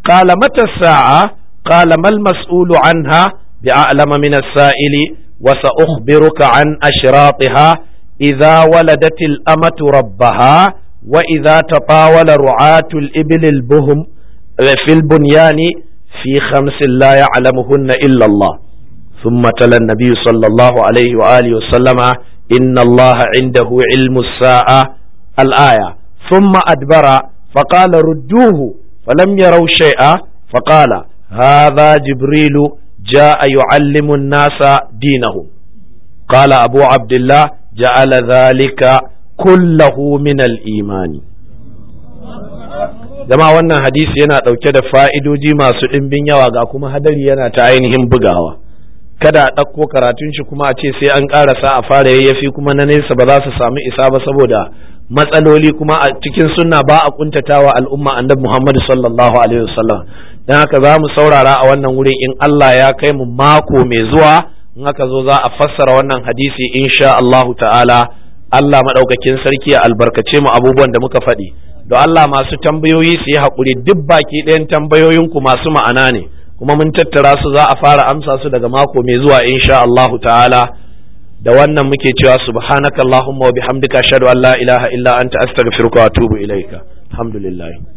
قال متى الساعة قال ما المسؤول عنها بأعلم من السائل وسأخبرك عن أشراطها إذا ولدت الأمة ربها وإذا تطاول رعاة الإبل البهم في البنيان في خمس لا يعلمهن إلا الله ثم تلا النبي صلى الله عليه وآله وسلم إن الله عنده علم الساعة الآية ثم أدبر فقال ردوه فلم يروا شيئا فقال هذا جبريل جاء يعلم الناس دينهم قال أبو عبد الله جعل ذلك كله من الإيمان jama wannan hadisi yana ɗauke da fa'idoji masu ɗimbin yawa ga kuma hadari yana ta ainihin bugawa kada a ɗauko karatun shi kuma a ce sai an ƙarasa a fara yayyafi kuma na nesa ba za su samu isa ba saboda matsaloli kuma a cikin sunna ba a ƙuntatawa al'umma annabi muhammad sallallahu alaihi wasallam dan haka za mu saurara a wannan wurin in Allah ya kai mu mako mai zuwa in aka zo za a fassara wannan hadisi insha Allahu ta'ala Allah madaukakin sarki ya albarkace mu abubuwan da muka faɗi da Allah masu tambayoyi su yi haƙuri duk baki ɗayan tambayoyinku masu ma'ana ne kuma mun tattara su za a fara amsa su daga mako mai zuwa insha Allahu ta'ala da wannan muke cewa subhanakallahumma wa bihamdika ashhadu an la ilaha illa anta astaghfiruka wa atubu ilaika alhamdulillah